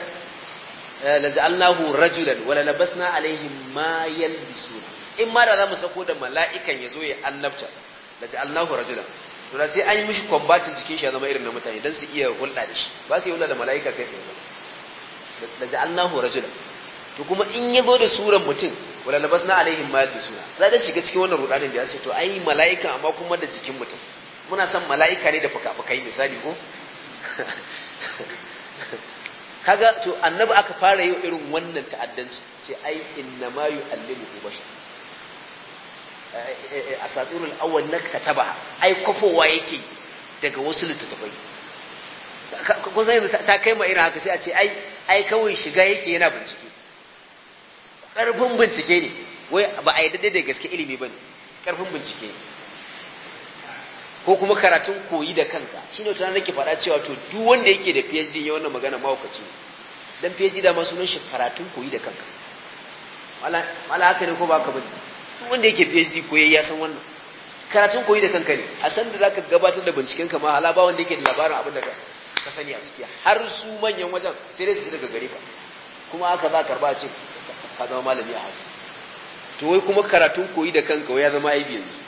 eh, la ja'alnahu rajulan wala labasna alaihim ma yalbisun in ma da za mu sako da mala'ikan ya zo ya annabta la ja'alnahu rajulan to da sai an yi mishi combatin jikin shi ya zama irin na mutane dan su iya hulɗa da shi ba su yi hulɗa da mala'ika kai tsaye ba la ja'alnahu rajulan to kuma in ya da suran mutum wala labasna alaihim ma yalbisun za ta shiga cikin wannan rudanin da ya ce to ai mala'ikan amma kuma da jikin mutum muna son mala'ika ne da fuka-fukai misali ko kaga to annabi aka fara yau irin wannan ta'addanci ce ai ma yu'allimu bashar eh, eh, eh, satsun awwal na kataba ai kofowa yake daga wasu littattafai ko sai ta kai ma irin haka sai a ce ai ai kawai shiga yake yana bincike karfin bincike ne wai ba a yi dade da gaske ilimi bane karfin bincike ne ko kuma karatun koyi da kanka ne tunan nake faɗa cewa to duk wanda yake da PhD ya wannan magana mahaukaci ne dan PhD da sunan shi karatun koyi da kanka mala haka ne ko ba ka bane duk wanda yake PhD koyi ya san wannan karatun koyi da kanka ne a san da zaka gabatar da binciken ka ma hala ba wanda yake da labarin abin da ka sani a ciki har su manyan wajen sai dai su daga gare ka kuma aka za karba ce ka zama malami a haka to wai kuma karatun koyi da kanka wai ya zama aibi yanzu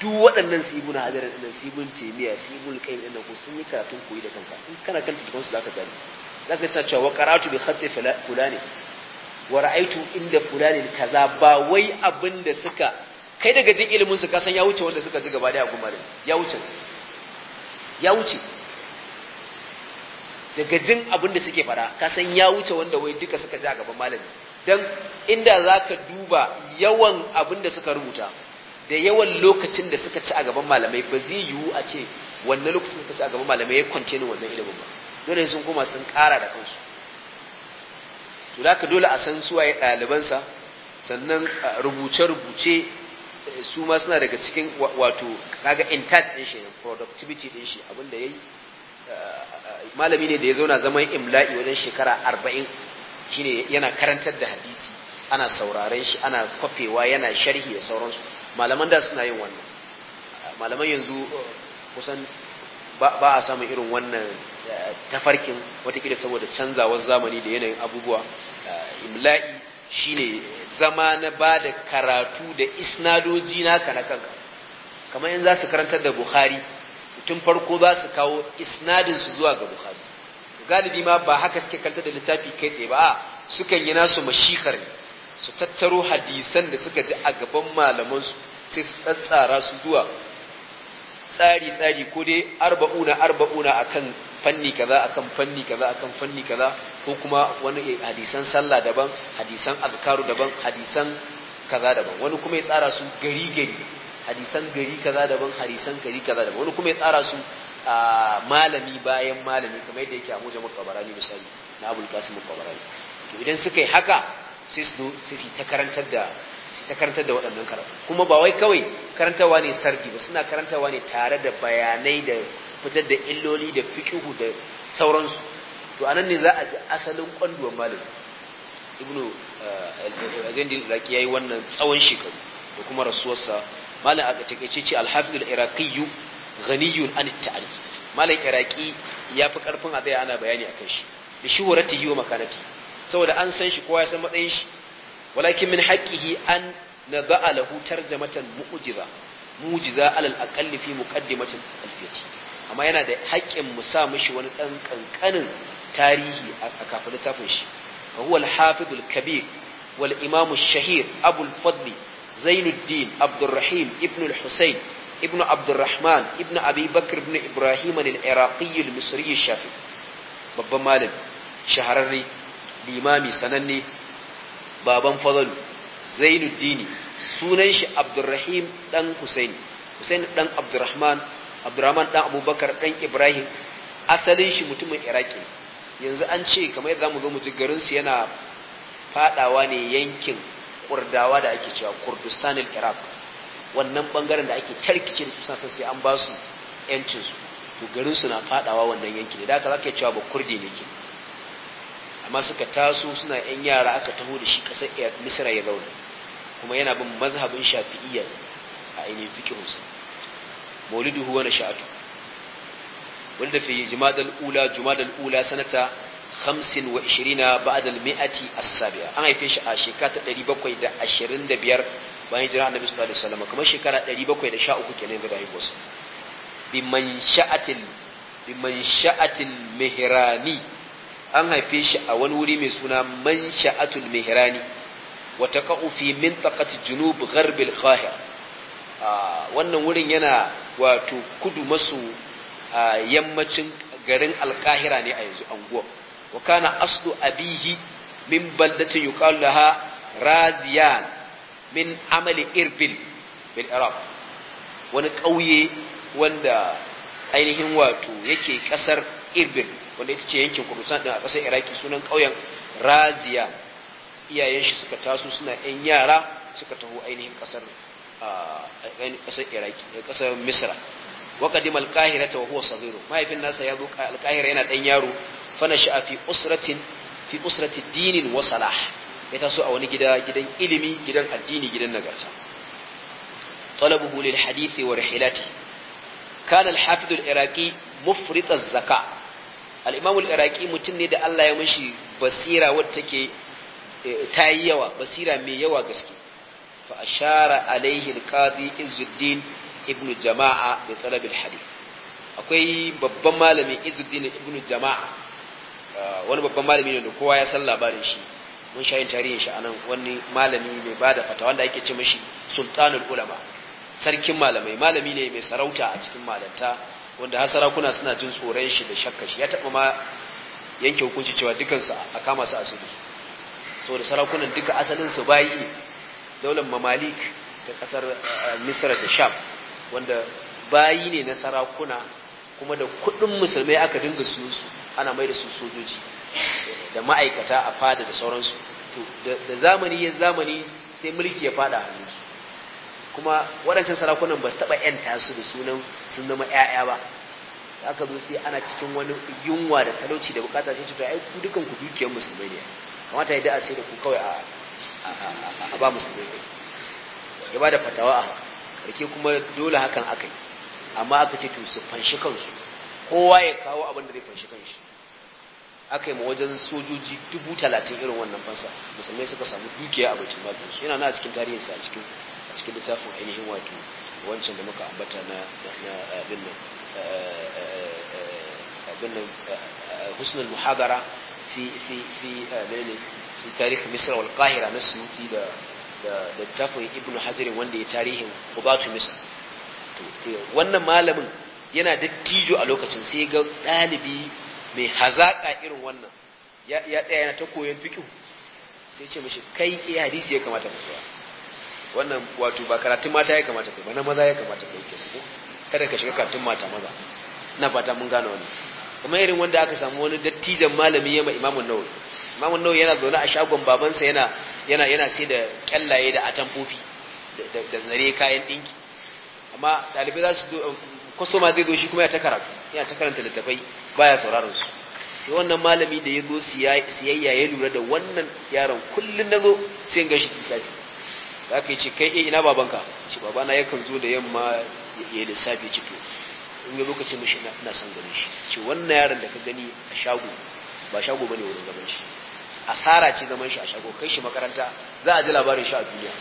duk waɗannan su ibn hajar din su ibn kai su da ku sun yi karatun koyi da kanka in kana kanta cikin su zaka gani zaka ta cewa qara'tu bi khatti fulani wa ra'aytu inda fulani kaza ba wai abin da suka kai daga duk ilimin su kasan ya wuce wanda suka ji gaba da gumma da ya wuce ya wuce daga jin abin da suke fara kasan ya wuce wanda wai duka suka ji a gaban malami dan inda zaka duba yawan abin da suka rubuta da yawan lokacin da suka ci a gaban malamai ba zai yiwu a ce wannan lokacin suka ci a gaban malamai ya kwance ni wannan ilimin ba dole sun koma sun ƙara da kansu to da ka dole a san suwaye ɗalibansa sannan rubuce-rubuce eh, su ma suna daga cikin wato kaga intact din shi productivity din shi abinda ya yi malami ne da ya zauna zaman imla'i wajen shekara arba'in shine yana karantar da hadisi ana sauraren shi ana kwafewa yana sharhi da sauransu malaman da suna yin wannan malaman yanzu kusan ba a samun irin wannan eh, tafarkin watakila saboda canzawar zamani da yanayin abubuwa eh, imla'i shine zama na ba da karatu da isnadoji na na kanka kamar in za su karantar da buhari tun farko za su kawo isnadinsu zuwa ga buhari galibi ma ba haka suke kanta da littafi kai tsaye ba sukan yi nasu mashikar ne su tattaro hadisan da suka ji a gaban malamansu sai su tsatsara su zuwa tsari-tsari ko dai arba'una arba'una a kan fanni kaza a kan fanni kaza a kan fanni kaza ko kuma wani hadisan sallah daban hadisan azkaru daban hadisan kaza daban wani kuma ya tsara su gari gari hadisan gari kaza daban hadisan gari kaza daban wani kuma ya tsara su a malami bayan malami kamar yadda yake a mujamul kabarani misali na abul qasim qabarani idan suka yi haka sai su zo ta karantar da ta karantar da waɗannan karatu kuma ba wai kawai karantarwa ne sarki ba suna karantarwa ne tare da bayanai da fitar da illoli da fikihu da sauransu to anan ne za a ji asalin kwanduwar malam ibnu eh, al zaki yayi wannan tsawon shekaru da kuma rasuwarsa malam aka takeice ce al-hafiz iraqi ghaniyun an at-ta'rif malam iraqi ya fi karfin a ana bayani akan shi bi shuhurati wa makanati saboda an san shi kowa ya san matsayin shi walakin min haqqihi an naba'a lahu tarjamatan mu'jiza mu'jiza alal aqalli fi muqaddimatin alfiyati amma yana da haƙƙin mu sa mishi wani ɗan kankanin tarihi a kafin littafin shi fa huwa al-hafiz al-kabir wal imam ash-shahir abu al-fadl zainuddin abdurrahim ibn al-husayn ibn عبد الرحمن ابن أبي بكر ابن إبراهيم babban malam shahararre limami sananne baban fazalu zainuddini sunan shi abdurrahim dan husain husain dan abdurrahman abdurrahman dan abubakar dan ibrahim asalin shi mutumin iraki yanzu an ce kamar yadda zamu zo mu ji garin su yana fadawa ne yankin kurdawa da ake cewa kurdistan iraq wannan bangaren da ake tarkice da suna sai an ba su yancin su to garin su na fadawa wannan yankin da haka zaka cewa ba kurdi ne ke amma suka taso suna yan yara aka taho da shi kasar misra ya zauna kuma yana bin mazhabin shafi'iyya a ainihin fikihunsa mauliduhu wa nasha'atu wanda fi jumadal ula jumadal ula sanata 25 ba'da al-mi'ati as-sabi'a an haife shi a shekara ta 725 bayan jira annabi sallallahu alaihi wasallam kamar shekara 713 kenan da rayuwarsa bi man mansha'atil bi man mansha'atil mihrani an haife shi a wani wuri mai suna mansha'atul mihrani wa taqa'u fi mintaqati junub gharb al wannan wurin yana wato kudu masu yammacin garin al ne a yanzu anguwa wa kana aslu abihi min baldatin yuqalu laha radiyan min amali irbil bil arab wani ƙauye wanda ainihin wato yake ƙasar irbil wanda ita ce yankin kurdistan din a ƙasar iraki sunan ƙauyen raziya iyayen shi suka taso suna yan yara suka taho ainihin ƙasar ƙasar iraki eh, ƙasar misra wa qadima mahaifin nasa ya zo al-qahira yana ɗan yaro fa nasha fi usrati dinin wa salah ya taso a wani gida gidan ilimi gidan addini gidan nagarta talabuhu lil wa rihilati kana al-hafiz al zaka al-imamu al-iraqi mutum ne da Allah ya mishi basira wadda take eh, ta yi yawa basira mai yawa gaske fa ashara alaihi al-qadi izuddin ibnu jama'a bi talab al-hadith akwai babban malami izuddin ibnu jama'a eh, wani babban malami ne da kowa ya san labarin shi mun sha yin tarihin shi anan wani malami mai ba da fata wanda ake ce mashi sultanul ulama sarkin malamai malami ne mai sarauta a cikin malanta wanda har sarakuna suna jin tsoron shi da shakka shi ya taba ma yanke hukunci cewa su a kama su asali saboda sarakunan duka asalin su bayi daular mamalik da kasar eh, eh, misra da sham wanda bayi ne na sarakuna kuma da kuɗin musulmai aka dinga su ana mai da su sojoji da ma'aikata a fada da sauransu da zamani ya zamani sai mulki ya fada hannunsu kuma waɗancan sarakunan ba su taɓa ‘yanta su da sunan sun zama ‘ya'ya ba za ka zo sai ana cikin wani yunwa da talauci da bukata sai cuta ai ku dukan ku dukiyar musulmai ne kamata ya da'a sai da ku kawai a ba musulmai ne ya ba da fatawa a karke kuma dole hakan aka yi amma aka ce to su fanshi kansu kowa ya kawo abin da zai fanshi kanshi aka yi ma wajen sojoji dubu talatin irin wannan fansa musulmai suka samu dukiya a bakin su yana na cikin tarihinsa a cikin cikin littafin ainihin wato wancan da muka ambata na eh, abin nan eh, eh, abin nan husnul muhadara fi fi fi fi tarikh misr wal qahira na suyuti da da littafin ibnu hajar wanda ya tarihin qubatu misr to wannan malamin yana da tijo a lokacin sai ga ɗalibi mai hazaƙa irin wannan ya tsaya yana ta koyon fiƙi sai ce mashi kai ke hadisi ya kamata ka tsaya wannan wato ba karatun mata ya kamata kai ba na maza ya kamata kai ke ko kada ka shiga karatun mata maza na fata mun gane wannan kuma irin wanda aka samu wani dattijan malami yamma imamu nawawi imamu nawawi yana zaune a shagon babansa yana yana yana sai da kyallaye da atamfofi da zare kayan dinki amma dalibai za su um, ma zai zo shi kuma ya ta karatu yana ta karanta littafai baya sauraron su to wannan malami da ya zo siyayya ya lura da wannan yaron kullun nazo sai ga shi lissafi da ka yi ce kai eh, ina babanka ce babana yakan zo da yamma ya lissafi ciki in yi lokacin mashi na son ganin shi ce wannan yaron da ka gani a shago ba shago bane wurin zaman shi asara ce zaman shi a shago kai shi makaranta za a ji labarin shi a duniya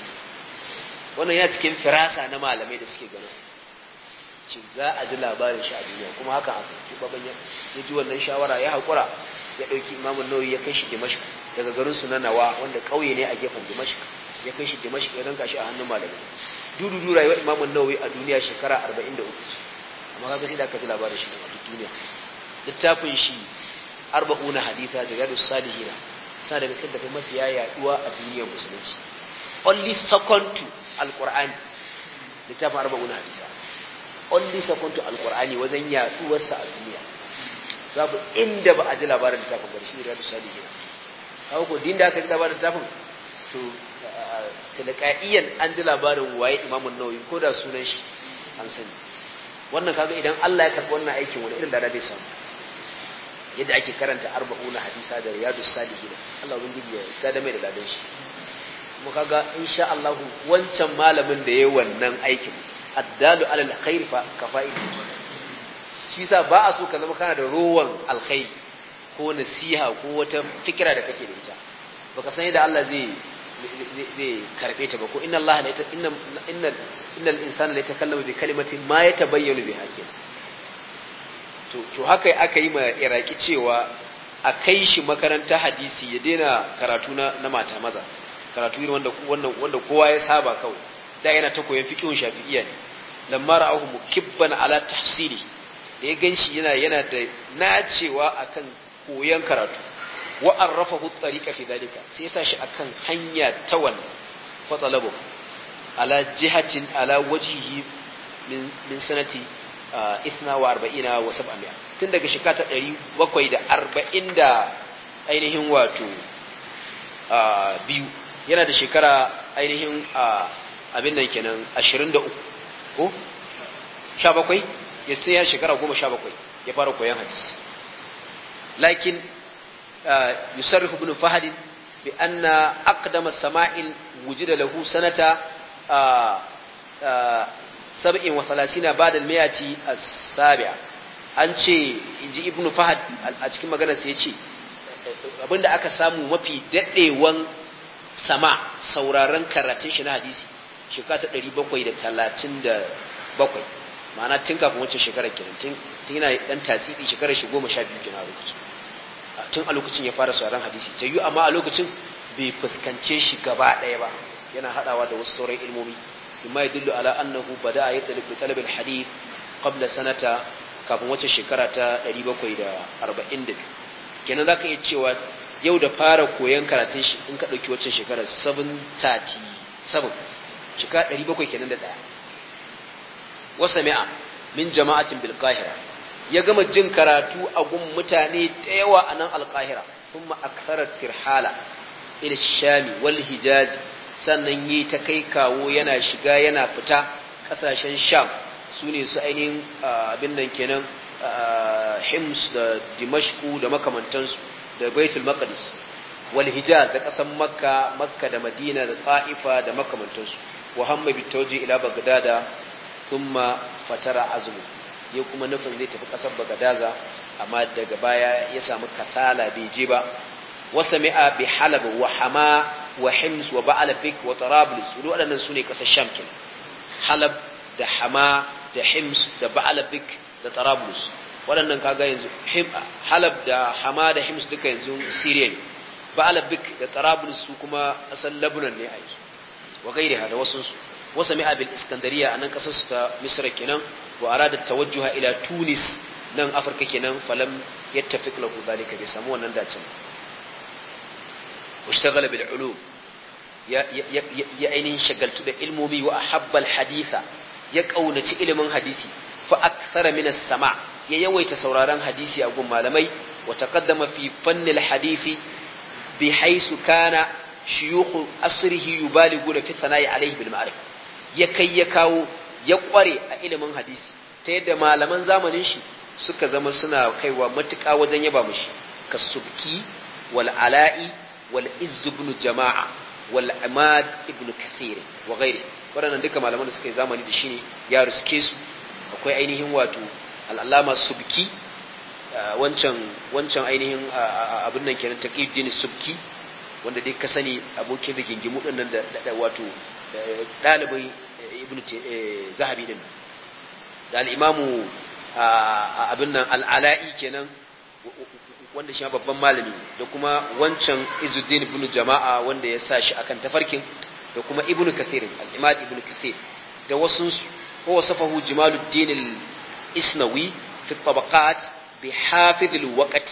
wannan ya cikin firasa na malamai da suke ganin ce za a ji labarin shi a duniya kuma haka a kai baban ya ji wannan shawara ya haƙura ya ɗauki imamun nauyi ya kai shi dimashq daga garin su na nawa wanda ƙauye ne a gefen dimashq ya kai shi dimashi ya ranka shi a hannun malamai dudu du rayuwar Imam An-Nawawi a duniya shekara 43 amma kaga sai da aka ji labarin shi a duniya littafin shi arba'una haditha da yadu salihina sa daga cikin da mafiya yaduwa a duniyar musulunci only second to alqur'ani littafin arba'una haditha only second to alqur'ani wajen yaduwar sa a duniya babu inda ba a ji labarin littafin ba shi da yadu salihina kawo ko din da aka ji labarin littafin to tilqaiyan an ji labarin waye imamun nawawi ko da sunan shi an sani wannan kaga idan Allah ya karɓi wannan aikin wani irin da bai samu yadda ake karanta arba'una hadisa da Riyadu salihin Allah gidi ya sada mai da ladan shi mu kaga insha Allah wancan malamin da yayi wannan aikin addalu alal khair fa kafa'il shi sa ba a so ka zama kana da rowan alkhairi ko nasiha ko wata fikira da kake da ita baka san yadda Allah zai zai karbe ta ba ko inna Allah la inna inna innal insana la yatakallamu bi kalimatin ma yatabayyanu bi hakin to to haka aka yi ma iraki cewa a kai shi makarantar hadisi ya daina karatu na, na mata maza karatu irin wanda wanda wanda kowa ya saba kawai da yana ta koyon fiqhun shafi'iyya ne lamma ra'ahu mukibban ala tahsili da ya ganshi yana yana da nacewa akan koyon karatu wa arrafahu tariqa fi dalika sai sa shi akan hanya ta wannan fa talabu ala jihatin ala wajhihi min min sanati 42 wa 700 tun daga shekara ta 740 da ainihin wato biyu yana da shekara ainihin abin nan kenan 23 ko 17 ya sai ya shekara 17 ya fara koyan hadisi lakin Yusuf ibn fahad bi anna aqdama sama'il wujida lahu sanata 37 ba'da al-mi'ati as-sabi'a an ce inji ibn fahad a cikin maganar sa ce abinda aka samu mafi dadewan sama sauraron karatun shi na hadisi shekara ta bakwai ma'ana tun kafin wancan shekarar kenan tun yana ɗan tasiri shekarar shi biyu kenan a rubutu tun a lokacin ya fara sauran hadisi ta yi amma a lokacin bai fuskance shi gaba ɗaya ba yana haɗawa da wasu sauran ilmomi bima ya dillo ala annahu da a yadda talibin talibin hadith kabla sanata kafin wata shekara ta 742 kenan ka iya cewa yau da fara koyon karatun shi in ka ɗauki wacce shekara 737 shekara 700 kenan da ɗaya wasa mi'a min jama'atin bil qahira ya gama jin karatu a gun mutane da yawa a nan alƙahira sun aksarar tirhala ilshami wal hijazi sannan yi ta kai kawo yana shiga yana fita ƙasashen sham su ne su ainihin abin nan kenan hims da dimashku da makamantansu da baitul maqdis wal hijaz da ƙasan makka makka da madina da tsa'ifa da makamantansu wa hamma bitawji ila bagdada thumma fatara azmu ya kuma nufin zai tafi ƙasar bagadaza amma daga baya ya samu kasala bai je ba wasa mi'a bi halab wa hama wa hims wa ba'al fik wa tarablis duk waɗannan sune kasar sham kin halab da hama da hims da ba'al fik da tarablis waɗannan kaga yanzu halab da hama da hims duka yanzu syria ne ba'al fik da tarablis su kuma asal lebanon ne a yanzu wa gairi da wasunsu وسمع بالإسكندرية أن قصص مصر كنان وأراد التوجه إلى تونس نان نعم، أفريقيا كنان فلم يتفق له ذلك بسموه نان واشتغل بالعلوم يا يا يا شغلت بعلمي وأحب الحديث يكون علم حديثي فأكثر من السماع يويت تسوراران حديثي أبو مالمي وتقدم في فن الحديث بحيث كان شيوخ أصره يبالغون في الثناء عليه بالمعرفة ya kai ya kawo ya kware a ilimin hadisi ta yadda malaman zamanin shi suka zama suna kaiwa matuƙa wajen yaba mushi ka subki wal ala'i wal izz ibn jama'a wal amad ibn kathir wa ghairi waɗannan duka malaman da suka yi zamani da shi ne ya ruske su akwai ainihin wato al'alama subki wancan wancan ainihin abin nan kenan taqiyuddin subki wanda dai ka sani abokin rigingimu din nan da wato dalibai eh, eh, ibnu eh, zahabi din da al-imamu abin nan al-ala'i kenan wanda shi babban malami da kuma wancan Izuddin ibn Jama'a wanda ya sa shi akan tafarkin da kuma Ibnu Kathir al-Imam Ibn da wasu ko wasafahu Jamaluddin al-Isnawi fi tabaqat bi hafiz al-waqt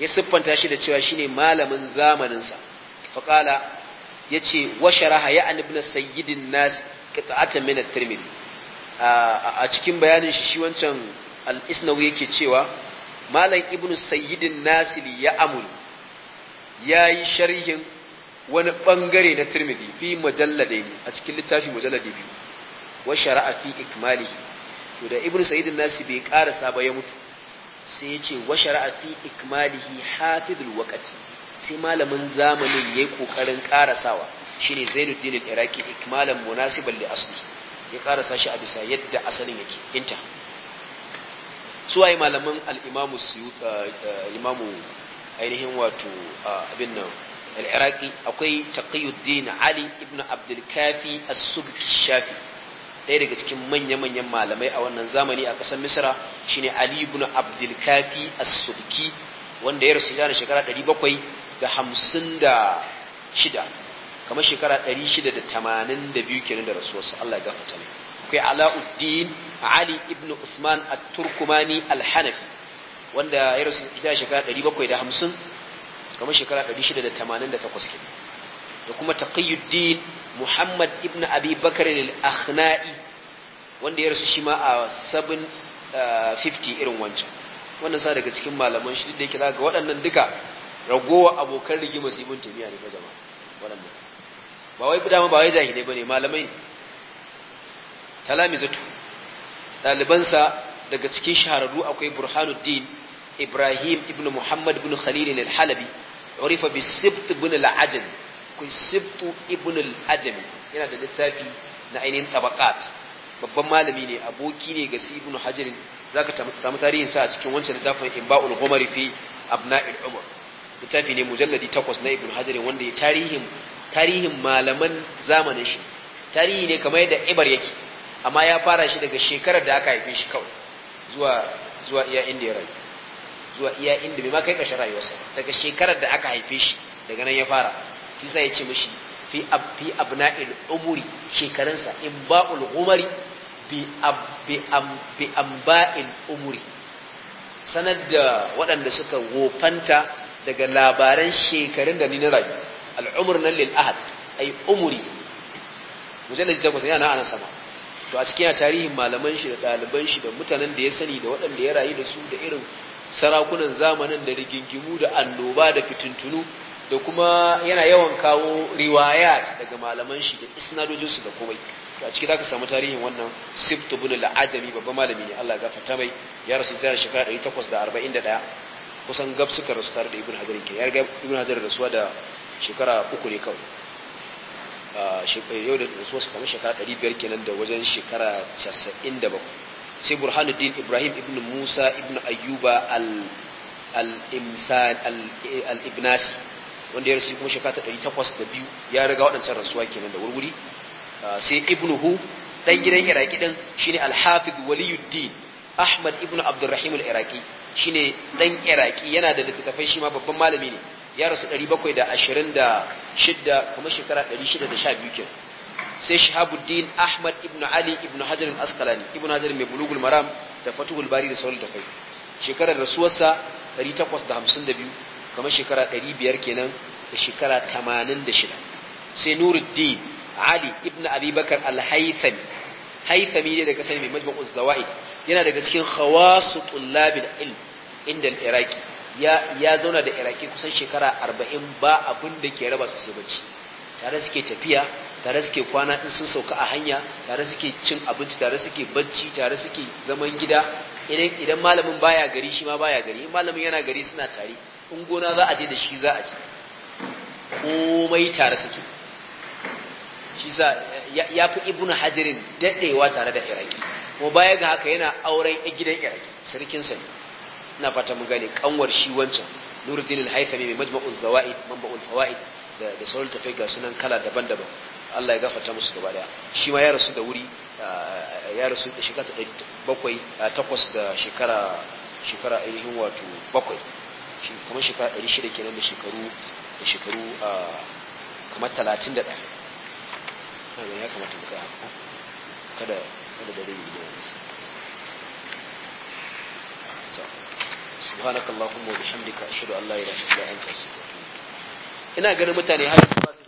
ya siffanta shi da cewa shine malamin zamaninsa faƙala ya ce sharaha ya an ibn sayyidin nas qita'atan min at-tirmidhi a cikin bayanin shi shi wancan al-isnawi yake cewa malam ibn sayyidin nasili ya amul ya sharhin wani bangare na tirmidhi fi mujalladai a cikin littafi mujalladi biyu wa shara'a fi ikmalihi to da ibn sayyidin nasi bai karasa ba ya mutu sai ya ce wa shara'a fi ikmalihi hafizul wakati sai malamin zamanin yayi kokarin karasawa shine Zainuddin al-Iraqi ikmalan munasiban li asli ya karasa shi a bisa yadda asalin yake inta suwaye malaman al-Imam eh, eh, imamu ainihin wato eh, abin nan al-Iraqi akwai Taqiyuddin Ali ibn Abdul Kafi as Shafi ɗaya daga cikin manya-manyan malamai a wannan zamani a ƙasar Misra shine Ali ibn Abdul Kafi As-Subki wanda ya rasu da shekara 756 kamar shekara 682 kenan da rasuwarsa Allah ya gafarta mai akwai Alauddin Ali ibn Usman At-Turkumani Al-Hanafi wanda ya rasu da shekara 750 kamar shekara 688 kenan da kuma Taqiyuddin Muhammad ibn Abi Bakr al-Akhnai wanda ya rasu shi ma a 7 50 irin wancan wannan sa daga cikin malaman shi da yake za ga waɗannan duka ragowa abokan rigima su ibn taymiya ne ba jama'a waɗannan ba wai dama ba wai jahilai bane malamai ne zato ɗalibansa daga cikin shahararru akwai burhanuddin ibrahim ibn muhammad ibn khalil al-halabi urifa bi sibt ibn al-ajam ku sibt ibn al-ajam yana da littafi na ainihin tabaqat babban malami ne aboki ne ga ibnu hajar zaka samu tarihin sa a cikin wancan littafin imba'ul ghumari fi abna'il umar littafi ne mujalladi 8 na Ibn hajar wanda ya tarihin tarihin malaman zamanin shi tarihi ne kamar yadda ibar yake amma ya fara shi daga shekarar da aka haife shi kawai zuwa zuwa iya inda ya rayu zuwa iya inda bai ma kai ƙarshen rayuwarsa daga shekarar da aka haife shi daga nan ya fara shi sai ya ce mishi fi abna'il umuri shekarunsa in ba'ul umari bi ba'in umuri sanar da waɗanda suka wofanta daga labaran shekarun da ni na rayu al'umur nan lil ahad ay umuri mujallad ta kusa yana ana sama to a cikin tarihin malaman shi da ɗaliban shi da mutanen da ya sani da waɗanda ya rayu da su da irin sarakunan zamanin da rigingimu da annoba da fitintunu da kuma yana yawan kawo riwaya daga malaman shi da isnadojinsu da komai a ciki zaka samu tarihin wannan sibt ibn al babban malami ne Allah ya gafarta mai ya rasu da shekara 841 kusan gab suka rasu tare da ibn hajar ke ya riga ibn hajar rasuwa da shekara uku ne kawai yau da rasuwa su kamar shekara 500 kenan da wajen shekara 97 sai burhanuddin ibrahim ibn musa ibn ayyuba al al-ibnasi wanda ya rasu kuma shekara 802 ya riga waɗancan rasuwa kenan da wurwuri Ah, sai ibnuhu dan gidan iraki din shine al-hafiz waliyuddin ahmad ibn abdurrahim al-iraki shine dan iraki yana da littattafai shi ma babban malami ne ya rasu 726 kuma shekara 612 kin sai shahabuddin ahmad ibn ali ibn hajar al-asqalani ibn hajar mai bulugul maram da fatuhul bari da sauran tafai shekarar rasuwarsa 852 kamar shekara 500 kenan da shekara 86 sai nuruddin Ali ibn Abi Bakar al-Haythami Haythami ne daga sani mai majmu'uz zawaid yana daga cikin khawasu al ilm inda al-Iraqi ya ya zauna da Iraqi kusan shekara 40 ba abin da ke raba su sai bacci tare suke tafiya tare suke kwana din sun sauka a hanya tare suke cin abinci tare suke bacci tare suke zaman gida idan idan malamin baya gari shi ma baya gari malamin yana gari suna tare in gona za a je da shi za a je komai tare suke shi za ya fi ibn hajirin daɗewa tare da iraki kuma baya ga haka yana auren gidan iraki sarkin ne ina fata mun gane kanwar shi wancan nuruddin al-haythami mai majma'ul zawaid manba'ul fawaid da sauran tafai ga sunan kala daban-daban Allah ya gafarta musu gaba daya shi ma ya rasu da wuri ya rasu da shekara bakwai takwas da shekara shekara ainihin wato bakwai kamar shekara ɗari shida kenan da shekaru da shekaru kamar talatin da ɗaya sannan ya kamata mu tsaya kada kada dare yi da subhanakallahumma wa bihamdika ashhadu an la ilaha illa anta astaghfiruka ina ganin mutane har